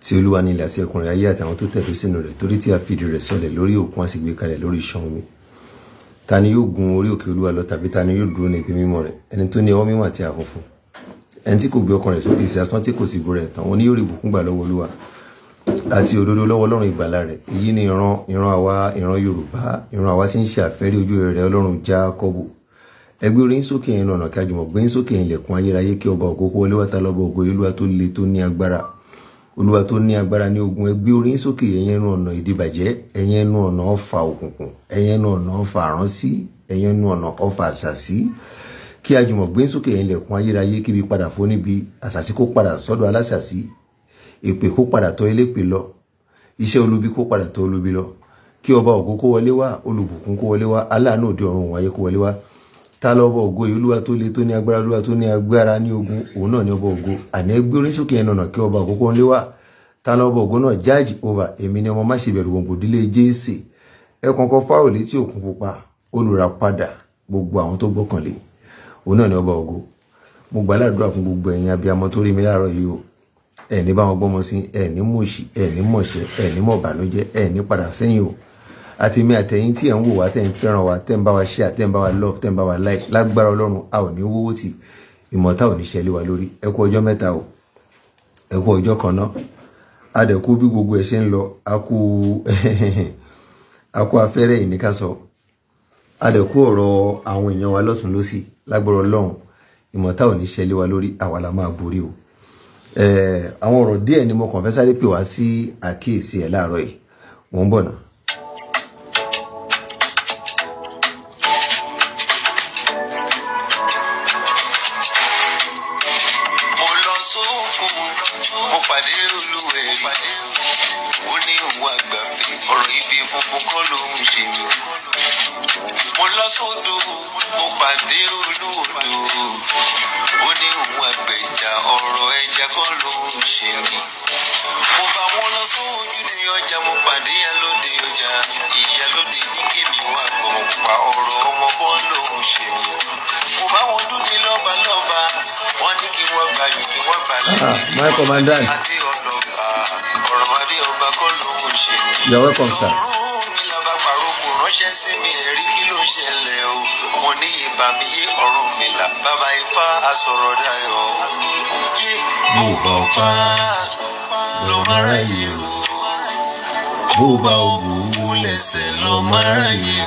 tí olúwa nílẹ̀ àti ẹkùnrin ayé àtàwọn tó tẹ̀dó sínú rẹ̀ torí tí a fìdí rẹ̀ sọlẹ̀ lórí òkun a sì gbé kalẹ̀ lórí iṣan omi ta ni yóò gun orí òkè olúwa lọ tàbí ta ni yóò dúró ní ibi mímọ́ rẹ̀ ẹni tó ní ọwọ́ mímọ́ àti àfọ̀fún ẹni tí kò gbé ọkàn rẹ̀ sókè sí asán tí kò sì bo rẹ̀ tán òun ni yóò rí ìbùkún gbà lọ́wọ́ olúwa àti òdodo lọ́wọ́ ọlọ́run ìgbàlà rẹ̀ èyí ni ìran ìran àwa ìran yorùbá ìran àwa tí ń ṣe àfẹ́rí ojú rere ọlọ́run jákọ́bù ẹgbẹ́ orin sókè yẹn lọ́nà kájùmọ̀ gbé sókè yẹn lẹ̀kùn ayérayé kí ọba ògo wọlé wá ta lọ́ba ògo olúwa tó le tó ní agbára olúwa tó ní agbára ní ogun ẹ gbé orí sókè ẹ̀yin ẹnu ọ̀nà ìdìbàjẹ́ ẹ̀yin ẹnu ọ̀nà ọ̀fà òkùnkùn ẹ̀yin ẹnu ọ̀nà ọ̀fà àránsí ẹ̀yin ẹnu ọ̀nà ọ̀fà àṣàsí kí ajùmọ̀gbé sókè ẹ̀yin lẹ̀kùn ayérayé kíbi padà fún níbi àṣàsí kó padà sọ́dọ̀ aláṣàsí èpè kó padà tọ́ elépè lọ iṣẹ́ olubi kó padà tọ́ olubi lọ kí ọba ògo kó wọlé wá olùbùkún kó wọlé wá aláàánú òde ọ̀run òun kó wọlé wá ta lọ́bọ̀ ògo yìí olúwa tó le tó ní agbára olúwa tó ní agbára ní ogun òun náà ní ọba ògo àní ẹgbẹ́ orísìkè yẹn nànà kí ọba òkókó ńlé wà ta lọ́bọ̀ ògo náà jáàjì ova èmi ni ọmọ má ṣe bẹ̀rù gbòǹgbò dílé jésè ẹ kankan fáwọn létí òkun pupa olùràpadà gbogbo àwọn tó gbọ́kànlé òun náà ní ọba ògo mo gbà ládùúrà fún gbogbo ẹ̀yin abiyamọ tó rí mi láàárọ̀ yìí o ẹ̀ní bá wọn gbọ́mọ sí ẹ̀ní mọ̀ṣẹ̀ ẹ̀ní mọ̀bànújẹ́ ẹ̀ní padà sẹ́yìn o àti mi àtẹ̀yìn tí ẹ̀ ń wò wá tẹ̀ ń fẹ́ràn wa tẹ̀ ń bá wa share tẹ̀ ń bá wa love tẹ̀ ń bá wa like lágbára ọlọ́run a ò ní wówó tì ìmọ̀ta ò ní ṣẹlẹ̀ wa lórí ẹ kú ọjọ́ mẹ́ta o ẹ kú ọjọ́ kan náà a dẹ̀ kú bí gbogbo ẹ̀ ṣe ń lọ a kú a kú afẹ́rẹ́ ìníkàsọ a dẹ̀ kú ọ̀rọ̀ àwọn èèyàn wa lọ́tún lọ́sì lágbára ọlọ́run ìmọ̀ta ò ní ṣẹlẹ̀ wa lórí àwa la máa borí o àwọn ọ̀rọ̀ díẹ̀ ni mo kàn fẹ́ sáré pè wá sí àkíyèsí ẹ̀ láàárọ̀ yìí mò ń bọ̀ náà. You're welcome, sir. ránṣẹ́ sí mi ẹ̀rí kí ló ń ṣẹlẹ̀ o mo ní ibà mi yé ọ̀run mi là bàbá ifá asọ̀rọ̀ dayọ̀ yé bó bá o pa lọ máa ráyè o bó bá o bù ú lẹ́sẹ̀ lọ máa ráyè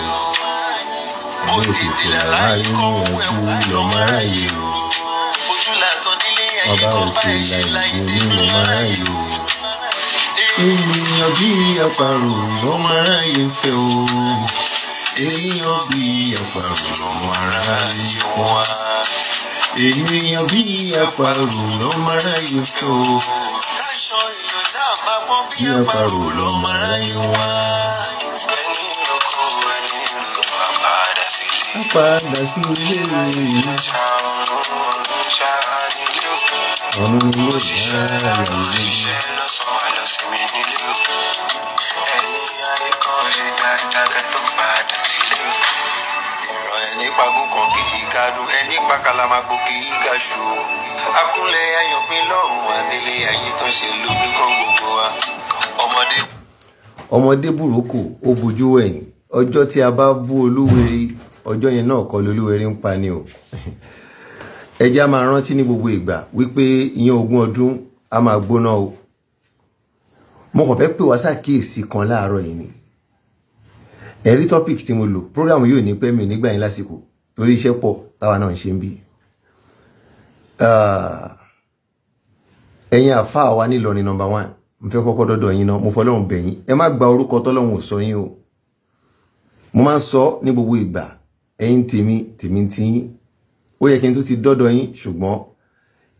o bó tètè làlá ikọ̀ òun ẹ̀kú lọ máa ráyè o ojú làtọ̀ nílé ayé kọ́ bá ẹ̀ṣẹ̀ láì dé lọ máa ráyè o ènìyàn bí àparò lọ́mọ aráyé ń fẹ́ o ènìyàn bí àparò lọ́mọ aráyé ń wá ènìyàn bí àparò lọ́mọ aráyé ń fẹ́ o bí àparò lọ́mọ aráyé ń wá. Padà sí ilé ìlú. Ọ̀run ló ṣiṣẹ́ lórí iṣẹ́ náà. dákẹ́ tó padà sílé ọ̀rọ̀ ẹni pagúkan kì í kádùn ẹni pàkàlàmàgbò kì í kàṣù akúnlẹ̀ ayọ̀pín lọ́rùn àdélé ayé tó ṣe lójú kan gbogbo wa ọmọdé. ọmọdé burúkú ó bojú wẹ̀yìn ọjọ́ tí a bá bú olúwere ọjọ́ yẹn náà kọ́ lolúwere ń pa ni o ẹja máa rántí ní gbogbo ìgbà wípé ìyẹn ogún ọdún a máa gbóná o mo kàn fẹ́ pè wá ṣàkíyèsí kan láàárọ̀ yìí ni ẹ̀rí topic tí mo lò program yóò ní pẹ́ mi nígbà yín lásìkò torí iṣẹ́ pọ̀ táwa náà ń ṣe ń bí. Ah, ẹ̀yin àfáà wa nílọrin number one mo fẹ́ kọ́kọ́ dọ́dọ̀ yín náà mo fọlọ́run bẹ̀yìn ẹ má gba orúkọ tọ́lọ́run ò sọ yín o mo máa ń sọ ní gbogbo ìgbà ẹ̀yin tèmi tèmi ti yín ó yẹ kí n tún ti dọ́dọ̀ yín ṣùgbọ́n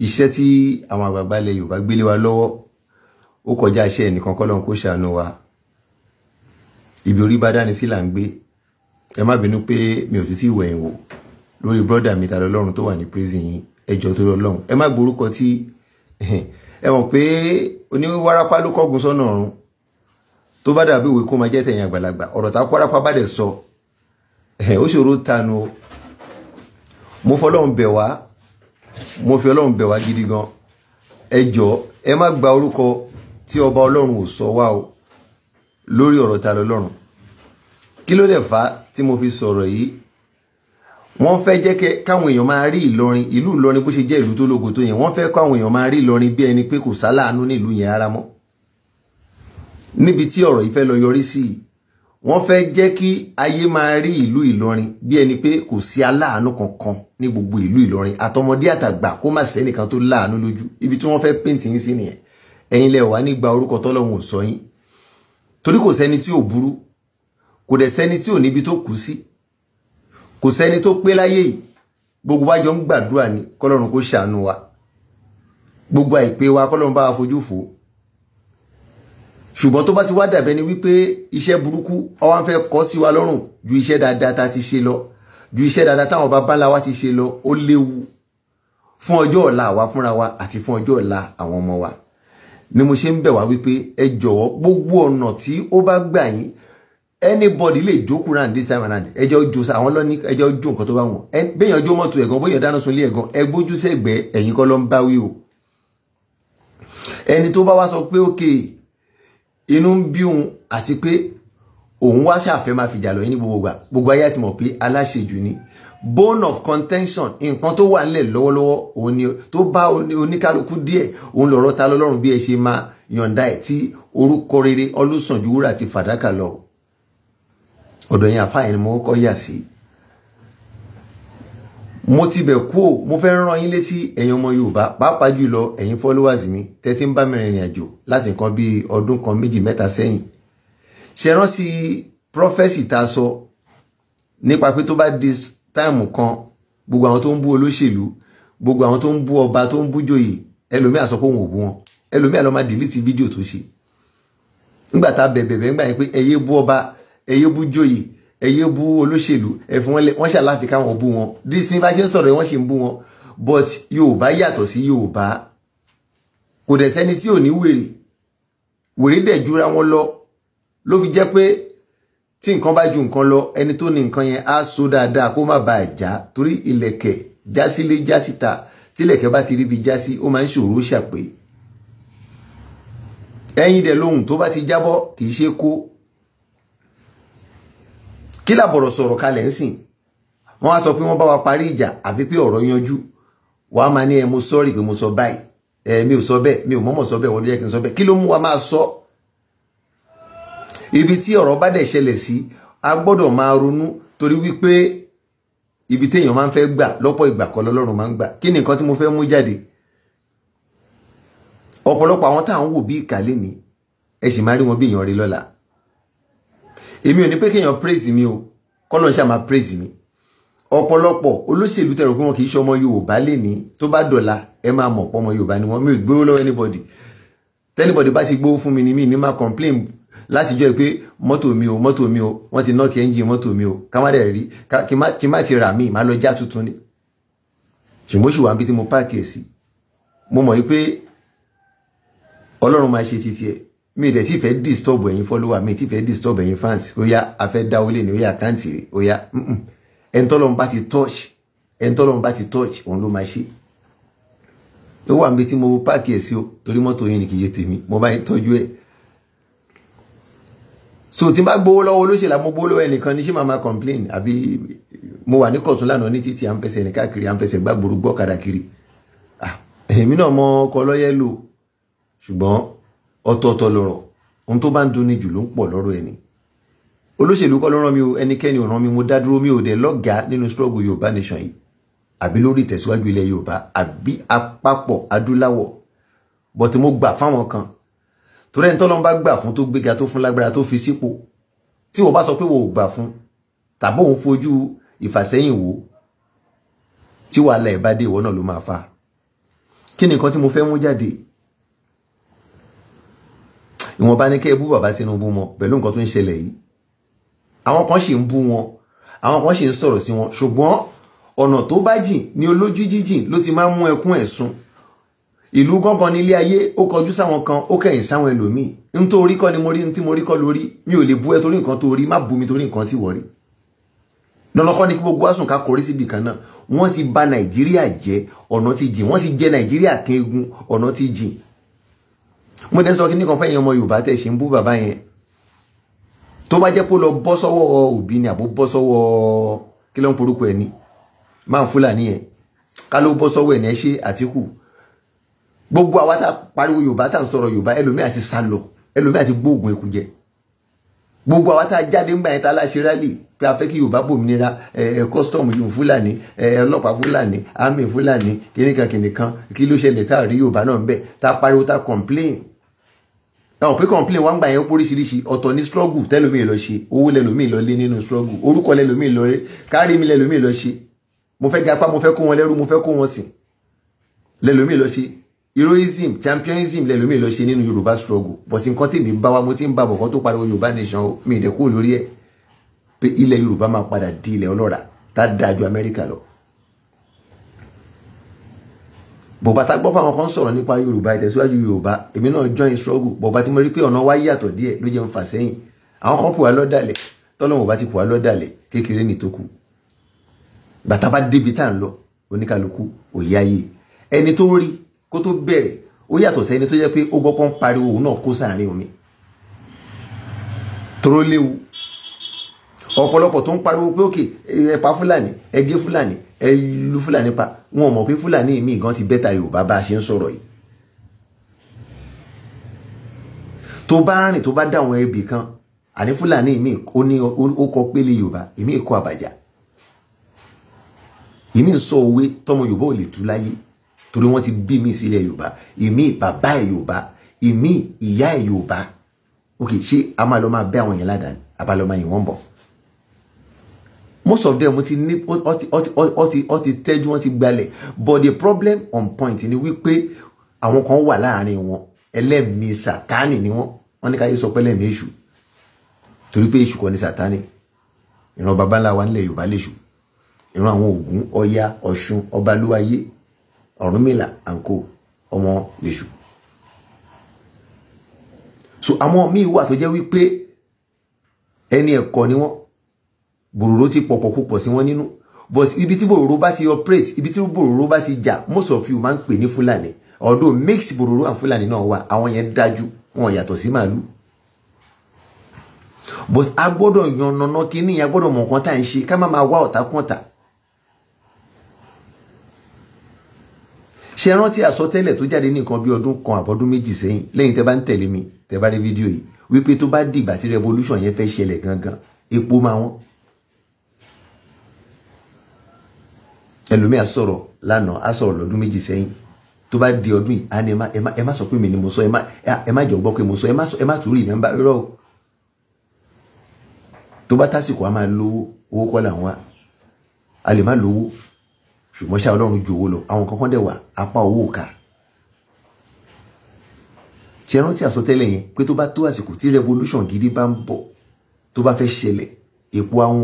iṣẹ́ tí àwọn àgbààgbà ilẹ̀ Yorùbá gbélé wa lọ́wọ́ ó kọjá iṣẹ́ ẹnìkan kọ́lọ́run kó ṣàánú wa ibi orí bá dání sí là ń gbé ẹ má bínú pé mi ò fi sí ìwẹ̀ ìwò lórí brọ́dà mi tàbí ọlọ́run tó wà ní prison yìí ẹjọ́ tó lọ lọ́hùn ẹ má gborúkọ tí ẹ mọ̀ pé oníwárapá ló kọ́gun sọ́nà ọ̀run tó bá dàbí ìwé kó máa jẹ́ tẹ̀yìn àgbàlagbà ọ̀rọ̀ tá kó arapa bá dẹ̀ sọ ó ṣòro tanu o mo fọlọ́run bẹ̀ wá mo fi ọlọ́run bẹ̀ wá gidi gan ẹ jọ̀ọ́ ẹ má gba orúkọ tí ọba ọlọ́run ò sọ wá o lórí ọ̀rọ̀ ta lọ́lọ́run kí ló dẹ̀ fà tí mo fi sọ̀rọ̀ yìí wọ́n fẹ́ jẹ́ káwọn èèyàn máa rí ìlọrin ìlú ìlọrin bó ṣe jẹ́ ìlú tó lógo tó yẹn wọ́n fẹ́ káwọn èèyàn máa rí ìlọrin bí ẹni pé kò sáláàánú nílùú yẹn ara mọ́ níbi tí ọ̀rọ̀ yìí fẹ́ lọ yọrí sí wọ́n fẹ́ jẹ́ kí ayé máa rí ìlú ìlọrin bí ẹni pé kò sí aláàánú kankan ní gbogbo ìlú ìlọrin àtọmọdé àtàgbà kó má sẹ́nìkan tó láàánú lójú ibi tí wọ́n fẹ́ pèntì yín sí nìyẹn ẹ̀yin lẹ wà nígbà orúkọ tọ́lọ́hun ò sọ yín torí kò sẹ́ni tí ò burú kò dẹ̀ sẹ́ni tí ò níbi tó kù sí kò sẹ́ni tó pé láyé yìí gbogbo wa jọ ń gbàdúrà ni kọ́lọ́run kó ṣàánú wa gbogbo àìpé wa kọ́lọ́run bá wa fojú fò ó tó bá ti wá dàbẹ́ ni wípé iṣẹ́ burúkú ọwọ́ ń fẹ́ sí wa lọ́rùn ju iṣẹ́ dáadáa ta ti ṣe lọ ju iṣẹ́ dáadáa táwọn bàbá ńlá wa ti ṣe lọ ó léwu fún ọjọ́ ọ̀la àwa fúnra wa àti fún ọjọ́ ọ̀la àwọn ọmọ wa ni mo ṣe ń bẹ̀ wá wípé ẹ jọ̀wọ́ gbogbo ọ̀nà tí ó bá gbà yín anybody lè jókòó round this time around ẹ jẹ́ ó jó sa àwọn lọ́ní ẹ jẹ́ ó jó nǹkan tó bá wọn bẹ́ẹ̀ yàn jó mọ́tò ẹ̀gàn bóyá dáná sunlé ẹ̀gàn ẹ gbójú sẹ́gbẹ̀ẹ́ ẹ̀yin kọ́ ló ń bá wí o ẹni tó bá wá sọ pé òkè inú ń bí òun àti pé òun wá ṣàfẹ́ máa fìjà lọ yín ní gbogbo gbà gbogbo ayé àti mọ̀ pé aláṣejù ni bone of contention nǹkan tó wà nílẹ̀ lọ́wọ́lọ́wọ́ òun ni tó bá oníkálukú díẹ̀ òun lọ̀rọ̀ ta lọ́lọ́run bí ẹ ṣe máa yọ̀ǹda ẹ̀ tí orúkọ rere ọlọ́sàn ju wúrà àti fàdákà lọ ọ̀dọ̀ yẹn àfáà ni mo kọ́ yà sí mo ti bẹ̀ kú o mo fẹ́ rán yín létí ẹ̀yin ọmọ yorùbá pàápàá jùlọ ẹ̀yin followers mi tẹ́tí ń bá mi rìnrìn àjò láti nǹkan bíi ọdún kan méjì mẹ́ta sẹ́yìn ṣe rántí prọfẹ́sì tá a sọ nípa pé tó bá di táìmù kan gbogbo àwọn tó ń bú olóṣèlú gbogbo àwọn tó ń bú ọba tó ń bú joyè ẹlòmíà sọ pé òun ò bú wọn ẹlòmíà ló máa dìlítì fídíò tó ṣe nígbà tá a bẹ̀bẹ̀ bẹ̀ nígbà yẹn pé ẹyẹ bú ọba ẹyẹ bú joyè ẹyẹ bú olóṣèlú ẹfún wọn lẹ wọn ṣàláfi káwọn bú wọn dísìn bá ṣe ń sọ̀rọ̀ wọn ṣe ń bú wọn but Yorùbá yàtọ̀ sí Yorùbá kò dẹ̀ sẹ́ni tí ò ní wèrè wèrè dẹ̀ jura wọn lọ ló fi jẹ́ pé tí nǹkan bá ju nǹkan lọ ẹni tó ní nǹkan yẹn á so dáadáa kó má bàa já torí ìlẹ̀kẹ̀ jásílé jásíta tílẹ̀kẹ̀ bá ti ríbi jásí ó máa ń ṣòro ṣàpè ẹyin dẹ̀ lóhùn tó bá ti jábọ́ kì í ṣe kó kí làbọ̀rọ̀ sọ̀rọ̀ kalẹ̀ ń wọ́n á sọ pé wọ́n bá wa parí ìjà àfi pé ọ̀rọ̀ yanjú wàá máa ní ẹ mo sọ́ọ̀rì pé mo sọ báyìí ẹ mi ò sọ bẹ́ẹ̀ mi ò mọ̀mọ̀ sọ bẹ́ẹ̀ wọ́n ló yẹ kí n sọ bẹ́ẹ̀ kí ló mú wa máa sọ ibi tí ọ̀rọ̀ bá dẹ̀ ṣẹlẹ̀ sí a gbọ́dọ̀ máa ronú torí wípé ibi téèyàn máa ń fẹ́ gbà lọ́pọ̀ ìgbà kan lọ́lọ́run máa ń gbà kí ni nǹkan tí mo fẹ́ mú jáde ọ̀pọ̀lọpọ̀ àwọn tá à ń wò bí ìkà lénìí ẹ sì máa rí wọn bí èèyàn rí lọ́la èmi ò ní pé kéèyàn praise mi o kọ́lọ́n ṣáà máa praise mi ọ̀pọ̀lọpọ̀ olóṣèlú tẹ̀rọ pé wọn kì í ṣe ọmọ Yorùbá lénìí tó bá dọ̀la ẹ máa mọ̀ pọ̀ ọmọ Yorùbá ni wọn mi ò gbowó lọ́wọ́ anybody tẹ́nibọ̀dì bá ti gbowó fún mi ni mí ní máa complain láti jọ pé mọ́tò mi o mọ́tò mi o wọ́n ti nọ́ọ̀kì ẹ́ńjìn mọ́tò mi o ká má dẹ̀ rí kí má ti rà mí má lọ já tuntun ni ṣùgbọ́n ṣùgbọ́n àbí tí mo páàkì ẹ̀ sí mo mọ̀ wípé ọlọ́run máa ṣe titi ẹ̀ mi dẹ̀ tí fẹ́ disturb ẹ̀yin follower mi tí fẹ́ disturb ẹ̀yin fans ó yá afẹ́ dáwọlé ni ó yá àkáǹtì rẹ̀ ó yá ẹni tọ́lọ́run bá ti touch ẹni tọ́lọ́run bá ti touch òun ló máa ṣe ó wà níbi tí mo páàkì ẹ̀ sí o torí mọ́tò yẹn ni kì í ṣe tèmi mo bá yẹn tọ́jú ẹ̀ so tí n bá gbowó lọ́wọ́ olóṣèlú àmọ́ gbowó lọ́wọ́ ẹnìkan ní ṣé màá máa complain àbí mo wà ní kọ̀tún lánàá ní títí à ń fẹsẹ̀ rìn káàkiri à ń fẹsẹ̀ gbàgbóró gbọ́ kàdàkiri èmi náà mọ ọkọ lọ́yẹ́ lò ṣùgbọ́n ọ̀tọ̀ọ̀tọ̀ lọ̀rọ̀ ohun tó bá ń dunni jù ló ń pọ̀ lọ́rọ̀ ẹni olóṣèlú kọ́ ló rán mi o ẹnikẹ́ni ò rán mi mo dá mi ò dẹ̀ lọ́gàá nínú struggle Yorùbá nation yìí àbí lórí ìtẹ̀síwájú ilẹ̀ Yorùbá àbí àpapọ̀ adúláwọ̀ but mo gbà fáwọn kan torí ẹni tọ́lọ́n bá gbà fún tó gbéga tó fún lágbára tó fi sípò tí wọ́n bá sọ pé wọ́n ò gbà fún tàbí òun fojú ìfàsẹ́yìn wò tí wàhálà ẹ̀ bá dé ìwọ náà ló máa fa kí ni nǹkan tí mo fẹ́ mú jáde ìwọ̀n bá ní kẹ́ ẹ bú bàbá Tinubu mọ́ pẹ̀lú nǹkan tó ń ṣẹlẹ̀ yìí àwọn kan sì ń bú wọn àwọn kan sì ń sọ̀rọ̀ sí wọn ṣùgbọ́n ọ̀nà tó bá jìn ní olójú jíjìn ló ti máa ń mú ẹkún ẹ̀sùn ìlú gángan ní ilé ayé ó kọjú sáwọn kan ó kẹ̀yìn sáwọn ẹlòmíì n tó orí kọ́ ni mo rí n tí mo rí kọ́ lórí mi ò lè bú ẹ torí nǹkan tó rí má bú mi torí nǹkan tí wọ́n rí lọ́lọ́kọ́ ni kí gbogbo wa sùn ká kọrí síbi kan náà wọ́n ti bà nàìjíríà jẹ́ ọ̀nà ti jìn wọ́n ti jẹ nàìjíríà kan egun ọ̀nà ti jìn mo dẹ́n sọ kí nìkan fẹ́yìn ọmọ yorùbá tẹ̀ ṣe ń bú bàbá yẹn tó bá jẹ́ pé lọ bọ́ sọ́wọ́ òbí ni àbó bọ́ sọ́wọ́ kí ló porúkọ ẹ̀ ni máa fúlàní yẹn ká ló bọ́ sọ́wọ́ ẹ̀ ní ẹ ṣe àtìkù gbogbo àwa tá a pariwo yorùbá tá a sọ̀rọ̀ yorùbá ẹlòmíà ti sá lọ ẹlòmíà ti gbóògùn ẹkú jẹ gbogbo àwa tá a jáde ńgbà yẹn tá a láṣẹ rálì pé a fẹ́ kí yorùbá bòmìnira ẹ kọ́sítọ́ọ̀mù yòó fúlàní ẹ ọlọ́pàá fúlàní àmì fúlàní kìnìkan kìnìkan kí ló ṣẹlẹ̀ tá a rí yorùbá náà ń bẹ̀ tá a pariwo tá a complain àwọn pé complain wá ń gbà yẹn póríṣiríṣi ọ̀tọ̀ ní struggle tẹ́lómìn lọ ṣe owó lẹ́lómìn lọ lé nínú struggle orúkọ lẹ́lómìn lọ kárí mi lẹ́lómìn lọ ṣe mo lọ ṣe heroism championism lẹ́lómi lọ ṣe nínú yorùbá struggle bọ̀sí nǹkan tèmi bá wa mo ti ń bá bọ̀kọ́ tó pariwo yorùbá nation o mi ìdẹ́kù lórí ẹ̀ pé ilẹ̀ yorùbá máa padà di ilẹ̀ ọlọ́ra tá dáa ju amẹ́ríkà lọ. bọ̀bá tá gbọ́ pé àwọn kan sọ̀rọ̀ nípa yorùbá ìtẹ̀síwájú yorùbá èmi náà join struggle bọ̀bá tí mo rí pé ọ̀nà wa yàtọ̀ díẹ̀ ló jẹ́ ń fà sẹ́yìn àwọn kan pò wá lọ́dàlẹ̀ tọ́lọ́wọ̀n bá ti pò wá lọ́dàlẹ̀ kékeré kó tó bẹ̀rẹ̀ ó yàtọ̀ sẹ́ni tó jẹ́ pé ó gbọ́pọ́n pariwo òun náà kó sàárín omi tóró léwu ọ̀pọ̀lọpọ̀ tó ń pariwo pé òkè ẹ̀pá fúlàní ẹgé fúlàní ẹlú fúlàní pa wọn mọ̀ pé fúlàní mi gan ti bẹ́ta yorùbá bá a ṣe ń sọ̀rọ̀ yìí tó bá rìn tó bá dá àwọn ẹbí kan àní fúlàní mi ó ní ó kọ pélé yorùbá èmi kọ àbàjá èmi ń sọ òwe tọmọ yorùbá ò lè tú láyé torí wọ́n ti bí mi sílẹ̀ yorùbá èmi bàbá ẹ̀ yorùbá èmi ìyá ẹ̀ yorùbá ok ṣé a máa lọ máa bẹ́ àwọn yẹn ládàá ni a bá lọ máa yìn wọ́n bọ̀ most of them wọ́n ti ní wọ́n ti tẹ́jú wọ́n ti gbalẹ̀ but the problem on point ni wípé àwọn kan wà láàrin wọn ẹlẹ́mìí sàtánì ni wọ́n wọ́n ní káyé sọ pé ẹlẹ́mìí èṣù torí pé èṣù kan ní sàtánì ìran baba ńlá wa nílẹ̀ yorùbá lèṣù ìran àwọn ògún ọya ọ̀ṣun ọbalúwayé Ọ̀rúnmìlà and co ọmọ Èṣù so àwọn míì wà tó jẹ́ wípé ẹni ẹ̀kọ́ ni wọ́n bòròró ti pọ̀pọ̀ púpọ̀ sí wọn nínú but ibi tí bòròró bá ti operate ibi tí bòròró bá ti jà most of you máa ń pè ní Fúlàní although mix bòròró and Fúlàní náà wà àwọn yẹn dájú wọn yàtọ̀ sí màálù but a gbọ́dọ̀ yànnàná kínní a gbọ́dọ̀ mọ̀ nǹkan tá à ń ṣe ká má máa wá ọ̀tá kún ṣe rántí àsọtẹ́lẹ̀ tó jáde ní nǹkan bí ọdún kan àbọ̀dún méjì sẹ́yìn lẹ́yìn tẹ́ bá ń tẹ̀lé mi tẹ́ bá rí fídíò yìí wípé tó bá dìgbà tí revolution yẹn fẹ́ ṣẹlẹ̀ gangan epo máa wọ́n. ẹlòmíà sọ̀rọ̀ lánàá á sọ̀rọ̀ lọ́dún méjì sẹ́yìn tó bá di ọdún yìí á ní ẹ má sọ pé mi ni mo sọ ẹ má jọ gbọ́ pé mo sọ ẹ má tún rí ìmọ̀ rírọ̀ o tó bá tásìkò á máa lówó owó kọ́ làwọn á lè má lówó ṣùgbọ́n ṣá ọlọ́run ju owó lọ àwọn kankan dẹ̀ wà apá owó òkà ṣe rántí àsọtẹ́lẹ̀ yẹn pé tó bá tó àsìkò tí revolution gidi bá ń bọ̀ tó bá fẹ́ ṣẹlẹ̀ èpo àwọn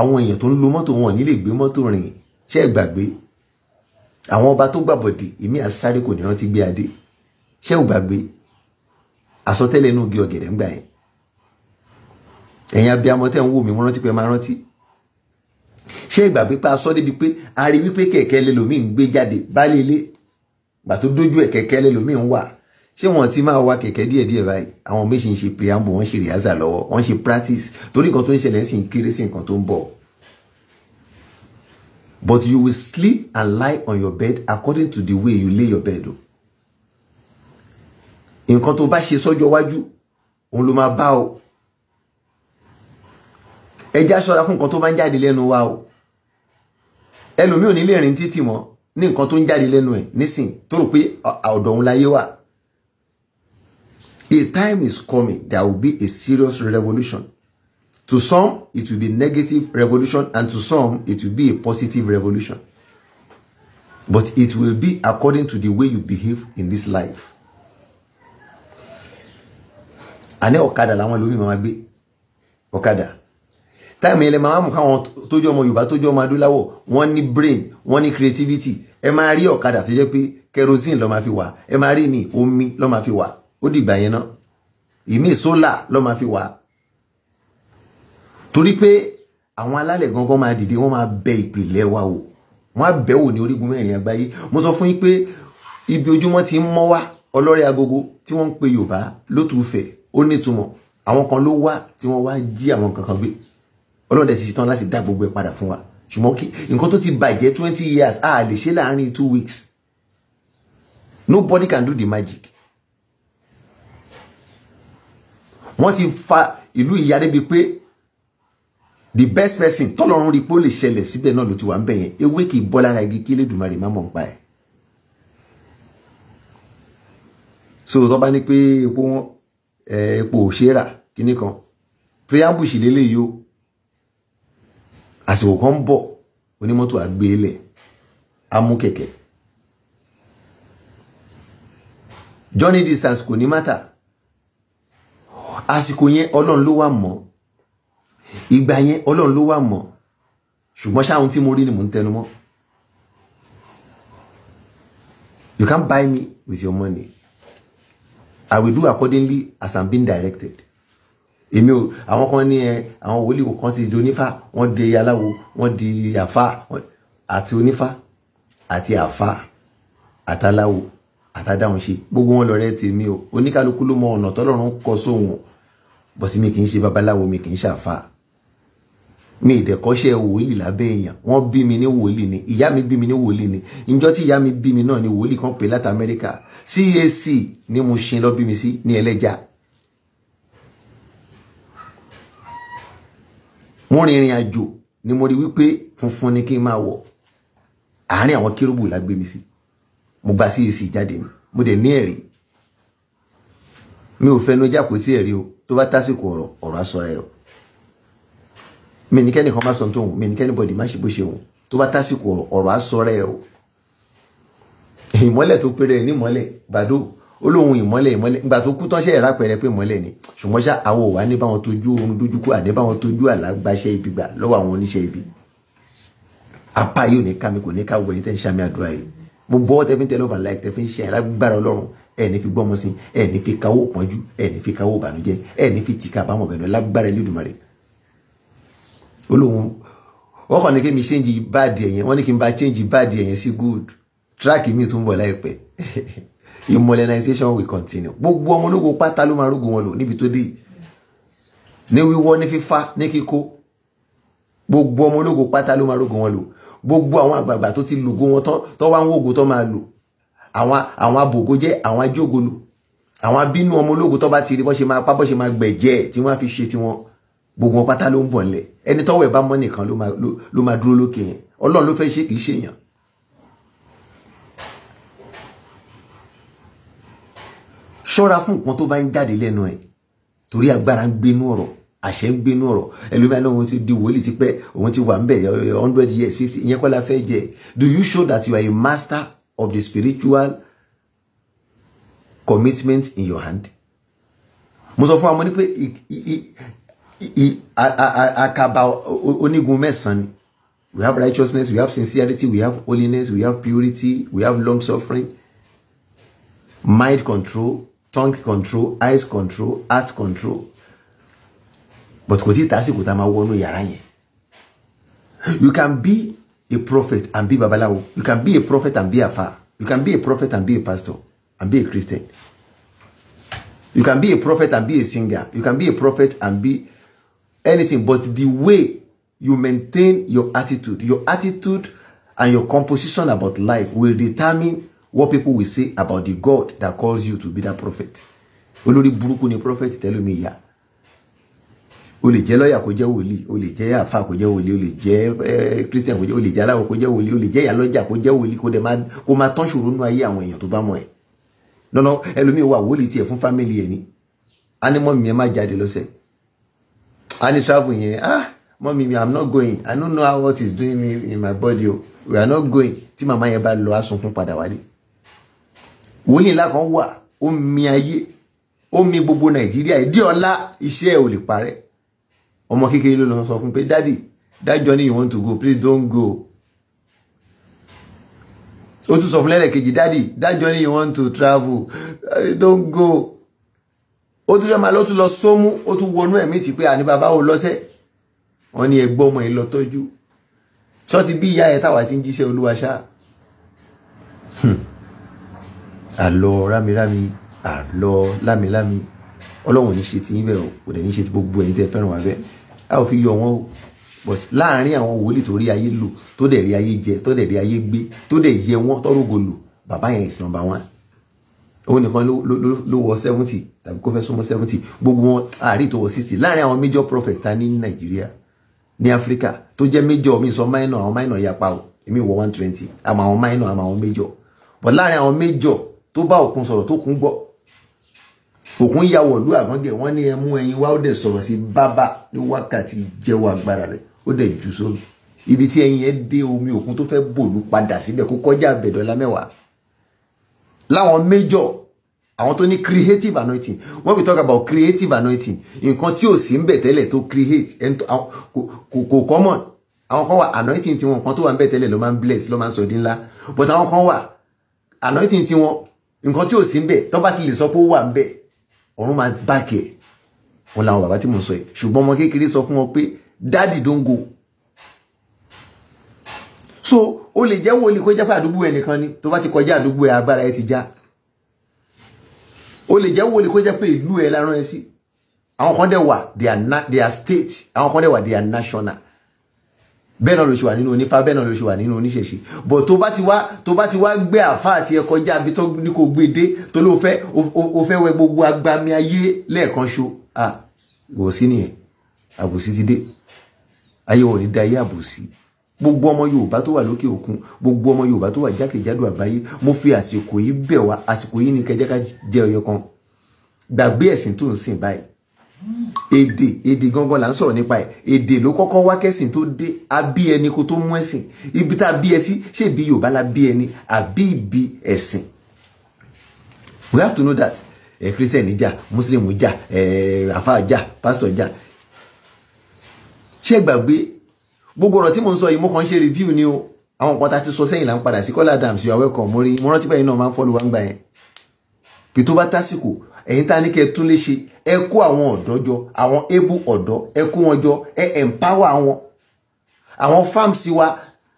àwọn èèyàn tó ń lo mọ́tò wọn nílé gbé mọ́tò rìn ṣe é gbàgbé àwọn ọba tó gbàbọ̀dì èmi àsáré kò ní rántí gbé adé ṣe ò gbàgbé àsọtẹ́lẹ̀ inú igi ọ̀gẹ̀dẹ̀ ń gbà yẹn ẹ̀yin abiyamọ ń wò mí mo rántí pé máa rántí ṣé ìgbà pípa sọ débi pé a rí wípé kẹ̀kẹ́ lẹ́lòmíì ń gbé jáde bálé ilé gbà tó dójú ẹ̀ kẹ̀kẹ́ lẹ́lòmíì ń wà ṣé wọn ti máa wa kẹ̀kẹ́ díẹ̀díẹ̀ báyìí àwọn méjì ń ṣe preamble wọ́n ṣe rehearsal lọ́wọ́ wọ́n ṣe practice torí nǹkan tó ń ṣẹlẹ̀ sí kéré sí nǹkan tó ń bọ̀. But you will sleep and lie on your bed according to the way you lay your bed o. nǹkan tó bá ṣe sọ́jọ́ iwájú òun ló máa bá o ẹjá ṣọ́ra fún nǹkan tó bá ń jáde lẹ́nu wa o ẹlòmíì ò ní lè rìn títì mọ́ ní nǹkan tó ń jáde lẹ́nu ẹ̀ nísìn tó rò pé ọ̀dọ̀ òun láyé wà. A time is coming there will be a serious revolution. To some it will be negative revolution and to some it will be a positive revolution. But it will be according to the way you behave in this life. Àní ọ̀kadà làwọn ẹlòmíì máa gbé ọ̀kadà táìmù yẹn lẹ máa mú káwọn tójú ọmọ Yorùbá tójú ọmọ adúláwọ̀ wọ́n ní brain wọ́n ní creativity ẹ máa rí ọ̀kadà tó jẹ́ pé kerosene ló máa fi wà ẹ máa rí mi omi ló máa fi wà ó dìgbà yẹn náà ìmí sólà ló máa fi wà torí pé àwọn alálẹ̀ gangan máa dìde wọ́n máa bẹ ìpìlẹ̀ wa wò wọ́n á bẹ̀ wò ní orígun mẹ́rin àgbáyé mo sọ fún yín pé ibi ojúmọ́ ti ń mọ́ wá ọlọ́rẹ́ agogo tí wọ́n ń pe Yorùbá lótùúfẹ̀ ó nítumọ̀ àwọn kan ló wá tí wọ́n wá jí àwọn kankan gbé ọlọ́run dẹ̀ ti ṣetán láti dá gbogbo ẹ̀ padà fún wa ṣùgbọ́n kí nǹkan tó ti bàjẹ́ twenty years a lè ṣe láàárín two weeks nobody can do the magic wọ́n ti fa ìlú ìyá débi pé the best person tọ́lọ́run rí pé ó lè ṣẹlẹ̀ síbẹ̀ náà ló ti wà ń bẹ̀ yẹn ewé kì í bọ́ lára igi kí Elédùmarè má mọ̀ ń pa ẹ̀. so tó bá ní pé epo wọn epo ò ṣe é rà kíní kan prayer bush lélẹ́yìí o àsìkò kan ń bọ̀ onímọ́tò àgbélẹ̀ amú kẹ̀kẹ́ journey distance kò ní mátà àsìkò yẹn ọlọ́run ló wà mọ́ ìgbà yẹn ọlọ́run ló wà mọ́ ṣùgbọ́n ṣáà tí mo rí ni mò ń tẹnu mọ́ you can buy me with your money I will do accordingly as I'm being directed èmi o àwọn kan ní ẹ àwọn wòlíì kan ti di onífà wọ́n di aláwo wọ́n di àfà àti onífà àti àfà àtàláwo àtàdáhùn ṣe gbogbo wọn lọ̀rẹ́ tèmi o oníkálukú ló mọ ọ̀nà tọ́lọ́run kọ sóhun bọ́sí mi kì í ṣe babaláwo mi kì í ṣàfà mi ìdẹ̀kọ́ṣẹ́ wòlíì lábẹ́ èèyàn wọ́n bí mi ní wòlíì ni ìyá mi bí mi ní wòlíì ni ìjọ tí ìyá mi bí mi náà ni wòlíì kan pè láti Amẹ́ríkà CAC ni mo ṣe lọ bí mi sí ní ẹlẹ́jà mo rin ìrìn àjò ni mo rí wípé funfun ni kí n máa wọ̀ àárín àwọn kérúbù la gbé mi sí mo gba sí èsì ìjáde mi mo dẹ̀ ní ẹ̀rí mi ò fẹnu jápò tí ẹ̀rí o tó bá tásìkò ọ̀rọ̀ ọ̀rọ̀ asọ̀rọ̀ o mi ní kẹ́nìkan má sọ tó òun mi ní kẹ́nìbọ̀dì má ṣe bó ṣe òun tó bá tásìkò ọ̀rọ̀ ọ̀rọ̀ asọ̀rọ̀ o ìmọ́lẹ̀ tó péré ní ìmọ́lẹ̀ bàdó olóhun ìmọ́lẹ̀ ìmọ́lẹ̀ ìgbà tó kú tán ṣe ìrà pẹ̀rẹ̀ pé ìmọ́lẹ̀ ni ṣùgbọ́n ṣá àwọn ò wá ní báwọn tójú oorun dójúkú àní báwọn tójú àlágbáṣẹ́ ibi gbà lọ́wọ́ àwọn oníṣẹ́ ibi apá yóò ní ká mi kò ní ká wọ ẹ̀yin tẹ́ ń ṣàmì àdúrà yìí mo bọ́ tẹ́ fi ń tẹ́ lọ́ọ̀bà láì tẹ́ fi ń ṣe alágbára ọlọ́run ẹ̀ ní fi gbọ́mọ sí ẹ̀ ní fi kawó pọ́njú ẹ̀ ní fi kawó ìbànújẹ́ ẹ̀ ní fi tìka àbámọ̀ bẹ̀rù lágbára Elédùmarè olóhun wọ́n kàn ní kí mi change báàdì ẹ̀yẹn wọ́n ní kí n bá change báàdì ẹ̀yẹn sí good track mi tún bọ̀ láìpẹ́ Immobilization will continue. Gbogbo ọmọ ológo pátá ló máa rógun wọn lò níbi tó dé yìí. Ní wíwọ́ ní fífá ní kíkó. Gbogbo ọmọ ológo pátá ló máa rógun wọn lò. Gbogbo àwọn àgbààgbà tó ti lògo wọn tán tó wá ń wògo tó máa lò. Àwọn àwọn abògo jẹ́ àwọn ajógolo. Àwọn abínú ọmọ ológo tó bá ti rí bọ́ ṣe máa pa bọ́ ṣe máa gbẹ̀jẹ̀ tí wọ́n á fi ṣe tiwọn. Gbogbo wọn pátá ló ń bọ̀ nílẹ̀. Ẹni tọ́wọ́ ẹ̀ bá mọ́ nìkan ló máa dúró lókè yẹn. Ọlọ́run ló fẹ́ ṣe kì í ṣèyàn. ṣọ́ra fún nǹkan tó bá ń jáde lẹ́nu ẹ̀ torí agbára ń gbénú ọ̀rọ̀ àṣẹ ń gbénú ọ̀rọ̀ ẹlòmíràn náà wọ́n ti di wòlíì ti pẹ́ òun ti wà ń bẹ̀ hundred years fifty ìyẹn kọ́ fẹ́ jẹ do you show that you are a master of the spiritual commitment in your hand mo sọ fún wa mo ní pé àkàbà onígun mẹ́sàn-án ni we have righteousness we have sincerity we have holiness we have purity we have long suffering mind control tongue control eyes control heart control but kò tí ì tásìkò tá a máa wọnú yàrá yẹn you can be a prophet and be babaláwo you can be a prophet and be afa you can be a prophet and be a pastor and be a Christian you can be a prophet and be a singer you can be a prophet and be anything but the way you maintain your attitude your attitude and your composition about life will determine what people will say about the God that calls you to be that prophet olórí burúkú ni prophet tẹlómi ìyá o lè jẹ́ lọ́yà kó jẹ́ wòlíì o lè jẹ́ àfa kó jẹ́ wòlíì o lè jẹ́ eh, christian kó jẹ́ o lè jẹ́ aláwọ̀ kó jẹ́ wòlíì o lè jẹ́ ìyálọ́jà kó jẹ́ wòlíì kó dẹ̀ máa kó máa tán ṣòro nú ayé àwọn èèyàn tó bá mọ̀ ẹ́ lọ́nà ẹlòmíì wà wòlíì tiẹ̀ fún fámìlì ẹ̀ ni ánímọ̀ mi yẹn má jáde lọ́sẹ̀ Ani travel yẹn ah mọ́mí mi i'm not going i don't know how what is doing me in my body o we are not going tí màmá yẹn bá lọ á padà wálé wòlíì ńlá kan wà ó mi ayé ó mi gbogbo nàìjíríà ìdí ọlá iṣẹ́ ò lè parẹ́ ọmọ kékeré ló lọ sọ fún pé dádì that journey you want to go please don't go ó tún sọ fún lẹ́lẹ̀kejì dádì that journey you want to travel don't go ó tún fẹ́ máa lọ́tún lọ sómú ó tún wọnú ẹ̀mí ti pé àní bàbá ò lọ́sẹ̀ wọn ni ẹgbọ́ ọmọ yìí lọ tọ́jú ṣọ́ọ̀tì bí ìyá ẹ̀ táwa ti ń jíṣẹ́ olúwa ṣáà. Hmm àlọ́ rámirámi àlọ́ lámilámi ọlọ́run ò ní ṣe ti yín bẹ́ẹ̀ kò dẹ̀ ní ṣe ti gbogbo ẹ̀yin tẹ́ fẹ́ràn wá bẹ́ẹ̀ a ò fi yọ wọn o but láàárín àwọn wòlíì tó rí ayé lò tó dẹ̀ rí ayé jẹ tó dẹ̀ rí ayé gbé tó dẹ̀ yẹ wọn tọ́rọ̀gò lò bàbá yẹn is number one òun nìkan ló wọ seventy tàbí kó fẹ́ súnmọ́ seventy gbogbo wọn àárí tó wọ sixty láàárín àwọn major prophet ta ní nàìjíríà ní áfíríkà tó jẹ́ major mi sọ minor àwọn minor yapa o èmi wọ one twenty àmọ́ àwọn minor àmọ́ àwọn major but láàárín àwọn major tó bá òkun sọ̀rọ̀ tó kún gbọ́ òkun ya wọ̀lú àgbọ̀ngẹ̀ wọ́n ní ẹmú ẹyin wá ó dẹ̀ sọ̀rọ̀ sí bábà ní wákàtí jẹ́wọ́ agbára rẹ̀ ó dẹ̀ jù sómi ibi tí ẹyin yẹn dé omi òkun tó fẹ́ bòlú padà síbẹ̀ kó kọjá àbẹ̀dọ́lá mẹ́wàá láwọn méjọ̀ àwọn tó ní creative anointing when we talk about creative anointing nǹkan tí ò sí ń bẹ̀ tẹ́lẹ̀ tó create kò common àwọn kan wà anointing tiwọn nǹkan tó wà ń bẹ̀ tẹ́lẹ̀ ló máa ń bless ló máa ń sọ di ńlá but àwọn kan wà anointing tiwọn nǹkan tí ò sí ń bẹ̀ tó bá ti lè sọ pé ó wà ń bẹ̀ ọ̀run máa báàkì ẹ̀ wọn làwọn bàbá tí mo sọ yìí ṣùgbọ́n ọmọ kékeré sọ fún wọn pé dáàdì don go so o lè jẹ́ wòlíì kó jẹ́ pé àdúgbò ẹ nìkan ni tó bá ti kọjá àdúgbò ẹ agbára ẹ ti já o lè jẹ́ wòlíì kó jẹ́ pé ìlú ẹ lárán ẹ sí àwọn kan dẹ̀ wà their state àwọn kan dẹ̀ wà their national bẹ́ẹ̀ náà ló ṣe wà nínú onífá bẹ́ẹ̀ náà ló ṣe wà nínú oníṣẹ̀ṣe bọ̀ tó bá ti wá tó bá ti wá gbé àfa àti ẹ kọjá àbí tó ní kò gbé dé tó ló fẹ́ o fẹ́ wẹ gbogbo agbami ayé lẹ́ẹ̀kan ṣo à wò sí nìyẹn àbòsí ti dé ayé ò ní da ayé àbòsí gbogbo ọmọ Yorùbá tó wà lókè òkun gbogbo ọmọ Yorùbá tó wà jákèjádò àgbáyé mo fi àsìkò yìí bẹ̀ wá àsìkò yìí ní kẹjẹ́ ká jẹ́ ọyọ kan gbàgbé ẹ̀sìn tó ń sìn báyìí èdè èdè gangan là ń sọ̀rọ̀ nípa ẹ̀ èdè ló kọ́kọ́ wá kẹ́sìn tó dé abí ẹni kó tó mú ẹ̀sìn ibi tá a bí ẹ sí ṣé ibi Yorùbá la bí ẹni àbí ibi ẹ̀sìn we have to know that ẹ kírísítẹ̀nì jà mùsùlùmí jà ẹ àfa jà pásítọ̀ jà ṣé gbàgbé gbogbo ọ̀rọ̀ tí mo ń sọ yìí mo kàn ń ṣe review ni o àwọn nǹkan tá a ti sọ sẹ́yìn là ń padà sí Kọ́lá Adams you are welcome mo rí mo rántí pé ẹ̀yin náà máa ń fọ́lù wá ń gbà yẹn pètò bá tásìkò ẹ̀yin tá a ní kẹ́ ẹ tún lè ṣe ẹ kó àwọn ọ̀dọ́ jọ àwọn able ọ̀dọ́ ẹ kó wọn jọ ẹ empower wọn àwọn farms wa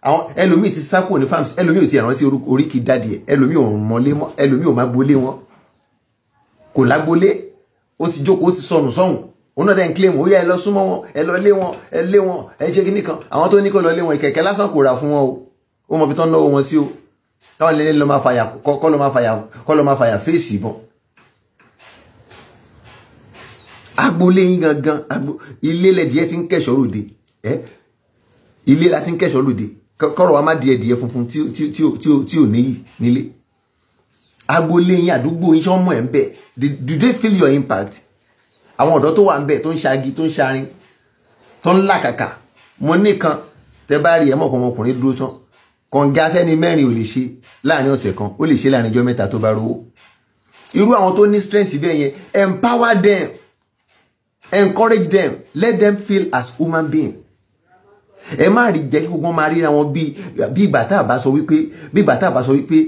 àwọn ẹlòmíì ti sáko ní farms ẹlòmíì ò ti rántí oríkì dáàdì ẹ ẹlòmíì ò mọlé mọ ẹlòmíì ò má gbolé wọn kò lágbolé ó ti jókòó ó ti sọnù sọhùn òun náà dẹ̀ ń claim ó yá ẹ lọ súnmọ́ wọn ẹ lọ lé wọn ẹ lé wọn ẹ ṣe kí nìkan àwọn tó ní kó lọ lé wọn kẹ̀kẹ́ lásán kò rà fún wọn o ó mọ ibi tán náwó wọn sí o táwọn lè lọ máa fàyà kọ́ lọ máa fàyà fèsì ìbọn agboolé yín gangan le lẹ́díẹ̀ ti ń kẹ̀ṣọ́ ròde ilé la ti ń kẹ̀ṣọ́ ròde kọ́rọ̀ wa má di ẹ̀dìyẹ funfun ti ò níyì nílé agboolé yín àdúgbò yín sọ́mọ ẹ̀ ń bẹ̀ do they feel your impact àwọn ọ̀dọ́ tó wà ń bẹ̀ tó ń ṣagi tó ń ṣarin tó ń làkàkà mo nìkan tẹ bá rí ẹmọ ọkàn ọkùnrin dúró tán kọ̀ǹga tẹ́ni mẹ́rin ò lè ṣe láàrin ọ̀sẹ̀ kan ó lè ṣe láàrin ọjọ́ mẹ́ta tó bá rówó irú àwọn tó ní strength bẹ́ẹ̀ yẹn empower them encourage them let them feel as human being ẹ má rí jẹ́ kí gbogbo máa ríra wọn bí bí ìgbà tá a bá sọ wípé bí ìgbà tá a bá sọ wípé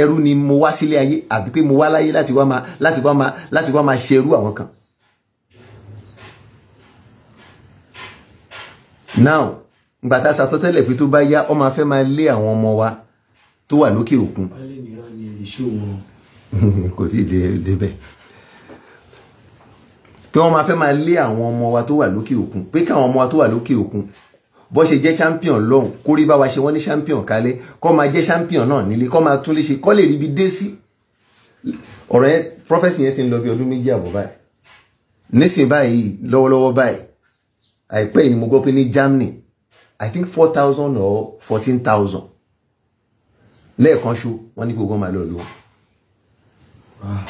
ẹrú ni mo wá sílé ayé àbí pé mo wá láyé láti wá máa láti wá máa láti wá máa ṣerú àwọn kan. now ìgbà tá a sàtọ́tẹ́lẹ̀ pé tó bá yá ọ máa fẹ́ máa lé àwọn ọmọ wa tó wà lókè òkun. kò tí ì dé débẹ̀ pé wọ́n máa fẹ́ máa lé àwọn ọmọ wa tó wà lókè òkun pé káwọn ọmọ wa tó wà lókè òkun bó ṣe jẹ́ champion lọ́hùn kó rí bá wa ṣe wọ́n ní champion kálẹ̀ kó máa jẹ́ champion náà nílé kó máa tún lè ṣe kó lè ríbi dé sí ọ̀rọ̀ yẹn prọfẹsì yẹn ti ń lọ bí ọdún méjì àbọ̀ báyìí nísìnyí báyìí lọ́wọ́lọ́wọ́ báyìí àìpẹ́ yìí ni mo gbọ́ pé ní Germany I think four thousand or fourteen thousand lẹ́ẹ̀kan ṣo wọ́n ní kí ogun máa lọ lọ ah.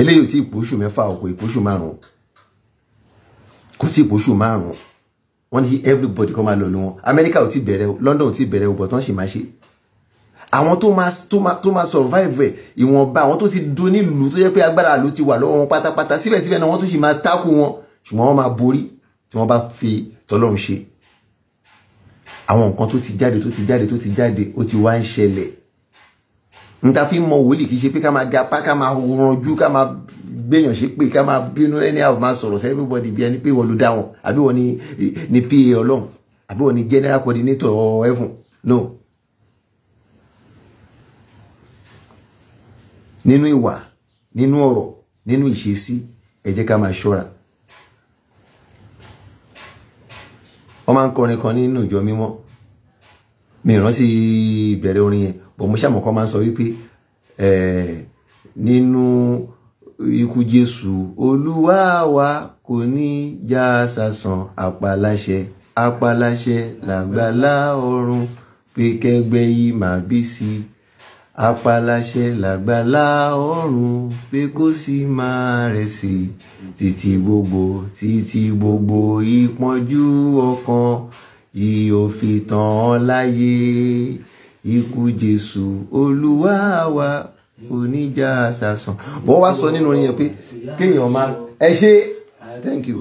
eléyìí ò tí ì pòṣù mẹ́fà ọ̀pọ̀ ìpòṣù márùn-ún tí ì pósù márùn-ún wọ́n everybody kọ́ máa lọ lu wọn Amẹ́ríkà ò ti bẹ̀rẹ̀ London ò ti bẹ̀rẹ̀ ọ̀bọ̀ tán sì máa ṣe àwọn tó máa tó máa tó survive ẹ̀ ìwọ̀nba àwọn tó ti do nílùú tó jẹ́ pé agbára ìlú ti wà lọ́wọ́ wọn pátápátá síbẹ̀síbẹ̀ náà wọ́n tún sì máa tákù wọn ṣùgbọ́n wọ́n máa borí tí wọ́n bá fi tọ́lọ́run ṣe àwọn nǹkan tó ti jáde tó ti jáde tó ti jáde ó ti wá ń ṣẹlẹ̀ n ta fi mọ wòlíì kì í ṣe pé ká máa gapá ká máa ranjú ká máa gbéyàn ṣe pé ká máa bínú ẹni àwọn máa sọ̀rọ̀ sí everybody bí ẹni pé wọ́n ló dá àbí wọ́n ni pa ọlọ́run àbí wọ́n ni general coordinator ẹ̀fùn no. nínú ìwà nínú ọ̀rọ̀ nínú ìṣesí ẹ jẹ́ ká máa ṣọ́ra. wọ́n máa ń kọrin kan nínú ìjọ mímọ́ mi ìrántí ìbẹ̀rẹ̀ orin yẹn bọ̀ mo ṣàmọ̀ kọ́ máa ń sọ wípé nínú ikú Jésù olúwa wa kò ní já sásán apaláṣẹ apaláṣẹ làgbàlá ọ̀run pé kẹgbẹ́ yìí máa bí sí i apaláṣẹ làgbàlá ọ̀run pé kó sì máa rẹ̀ sí i títí gbogbo títí gbogbo ìpọ́njú ọkàn yìí ò fi tàn án láyé ikú jésù olúwa oníjà sàsàn wọ́n wá sọ nínú yẹn pé kéèyàn máa ẹ ṣe thank you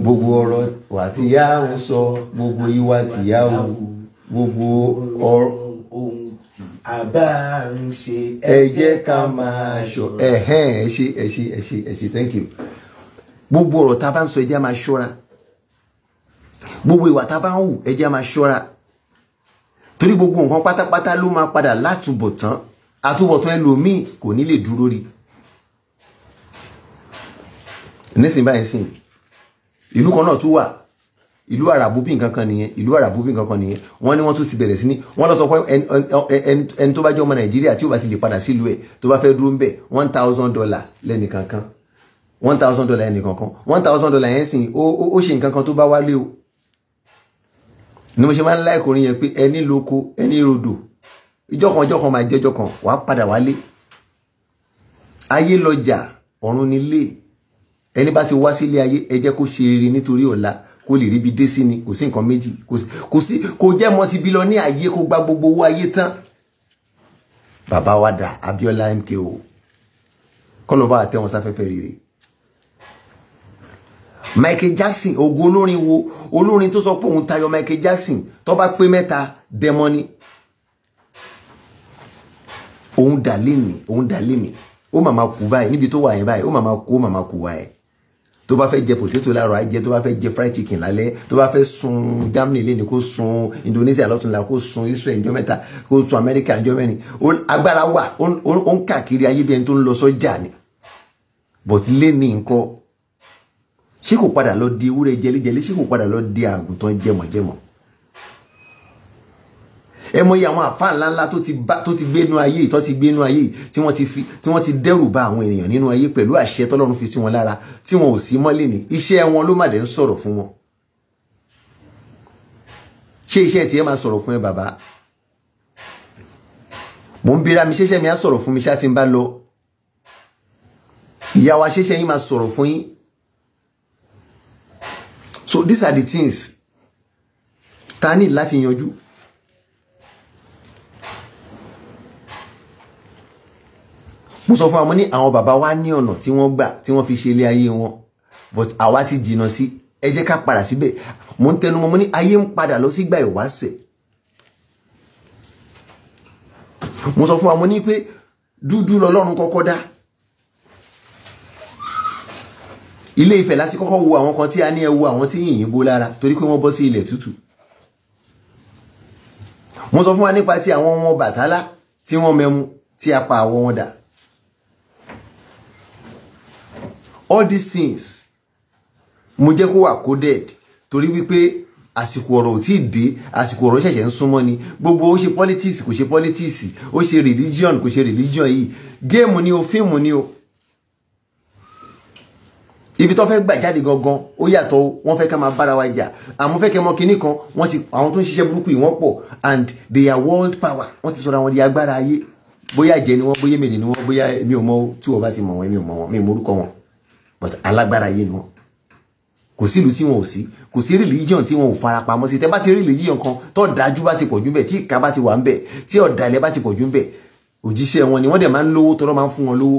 gbogbo ọ̀rọ̀ wà tí yá ń sọ gbogbo ìwà tí yá ń gbogbo ọ̀rọ̀ ohun ń ṣe ẹ jẹ́ ká máa ṣọ ẹ̀hẹ́n ẹ ṣe ẹ ṣe ẹ ṣe ẹ ṣe thank you gbogbo ọ̀rọ̀ tá a bá ń sọ ẹ jẹ́ máa ṣọ́ra gbogbo ìwà tá a bá ń hù ẹ jẹ́ máa ṣọ́ra torí gbogbo nǹkan pátápátá ló máa padà látúbọ̀tán àtúbọ̀tán ẹlòmíì kò ní lè dúró rí nísìnyí báyìí sìn ìlú kan náà tún wà ìlú àràbù bí nǹkan kan nìyẹn ìlú àràbù bí nǹkan kan nìyẹn wọ́n ní wọ́n tún ti bẹ̀rẹ̀ sí ní wọ́n lọ sọ pé ẹni tó bá jẹ́ ọmọ nàìjíríà tí ó bá ti lè padà sílùú ẹ̀ tó bá fẹ́ dúró ń bẹ̀ one thousand dollar lẹ́nìkankan one thousand dollar lẹ́nìkankan one thousand dollar yẹn sìn ó ṣe nǹkan kan tó bá wálé o ni mo ṣe máa ń láì kòrin yẹn pé ẹni lóko ẹni rodò ìjọkan ìjọkan máa jẹ́ ìjọkan wàá padà wálé ayé lọjà ọ̀run nílé ẹni bá ti wá sílé ayé ẹ jẹ́ kó ṣe rere nítorí ọ̀la kó lè ríbi dé sí ni kò sí nǹkan méjì kò sí kò jẹ́ mọ́tí bí lọ ní ayé kó gba gbogbo owó ayé tán bàbá wa dà Abíọ́lá MKO kọ́nà bá àtẹ̀wọ̀n sáfẹ́fẹ́ rere. Michael Jackson ògo olórin wo olórin tó sọ pé òun tayọ Michael Jackson tó bá pé mẹ́ta dẹmọ ni òun dà lénìí òun dà lénìí ó màmá kú báyìí níbi tó wà yẹn báyìí ó màmá kú ó màmá kú wáyé tó bá fẹ́ jẹ potato láàárọ̀ ajẹ tó bá fẹ́ jẹ fried chicken lálẹ́ tó bá fẹ́ sun Germany lẹ́ni kó sun Indonesia lọ́túnla kó sun Israel ńjọ́ mẹ́ta kó sun America ńjọ́ mẹ́rin agbára wà ó ń káàkiri ayé bí ẹni tó ń lọ sọ́jà ni but lẹ́ni nǹkan ṣé kò padà lọ di ewúrẹ́ jẹlẹjẹlẹ ṣé kò padà lọ di àgùntàn jẹmọ̀jẹmọ̀ ẹ mọ iye àwọn àfa ńláńlá tó ti gbénu ayé tó ti gbénu ayé tí wọ́n ti dẹ́rù bà àwọn ènìyàn nínú ayé pẹ̀lú àṣẹ tọ́lọ́run fi sí wọn lára tí wọn ò sí mọ́lẹ̀ ní iṣẹ́ wọn ló má dé ń sọ̀rọ̀ fún wọn ṣé iṣẹ́ tiẹ̀ máa sọ̀rọ̀ fún ẹ bàbá mò ń bira mi ṣẹṣẹ mi á sọ̀rọ̀ fún mi ṣá ti ń bá lọ ìyá wa ṣẹṣẹ yín máa sọ̀rọ̀ fún yín so these are the things ta ní láti yanjú. mo sọ fún wa mo ní àwọn bàbá wa ní ọ̀nà tí wọ́n gbà tí wọ́n fi ṣe ilé ayé wọn but àwa ti jìnnà sí ẹ jẹ́ ká padà síbẹ̀ mo ń tẹnu mọ́ mo ní ayé ń padà lọ sígbà ìwáṣẹ̀ mo sọ fún wa mo ní pé dúdú lọ́lọ́run kọ́kọ́ dá ilé Ifẹ̀ láti kọ́kọ́ wo àwọn kan tí a ní ẹ wo àwọn tí yìnyín bó lára torí pé wọ́n bọ́ sí ilẹ̀ tútù wọ́n sọ fún wa nípa ti àwọn ọmọ Bàtálá tí wọ́n mẹ́mu tí a pa àwọ̀ wọn dà all these things mo jẹ́ kó wà coded torí wípé àsìkò ọ̀rọ̀ ò tí ì dé àsìkò ọ̀rọ̀ ṣẹ̀ṣẹ̀ ń súnmọ́ ni gbogbo ó ṣe politics kò ṣe politics ó ṣe religion kò ṣe religion yìí géèmù ni o fíìmù ni o ibi tó fẹ́ gbà jáde gangan ó yàtọ̀ wọ́n fẹ́ ká máa bára wa jà àmọ́ fẹ́ kẹ́ mọ kinní kan wọ́n ti àwọn tó ń ṣiṣẹ́ burúkú yìí wọ́n pọ̀ and they are world power wọ́n ti sọ̀rọ̀ àwọn di agbára ayé bóyá jẹ́ ni wọ́n bóyá èmi ni wọ́n bóyá mi ò mọ tí wọ́n bá ti mọ̀ wọ́n mi ò mọ̀ wọ́n mi ò morúkọ wọn but alágbára ayé ni wọ́n kò sí ìlú tí wọn ò sí kò sí religion tí wọn ò farapamọ́ sí tẹ́ bá ti rí religion kan tó dájú bá ti pọ̀ jù bẹ́ẹ̀ tí ìka bá ti wà ń bẹ̀ tí ọ̀dàlẹ̀ bá ti pọ̀ jù ń bẹ̀ òjíṣẹ́ wọn ni wọ́n dẹ̀ máa ń lówó tọ́rọ́ máa ń fún wọn lówó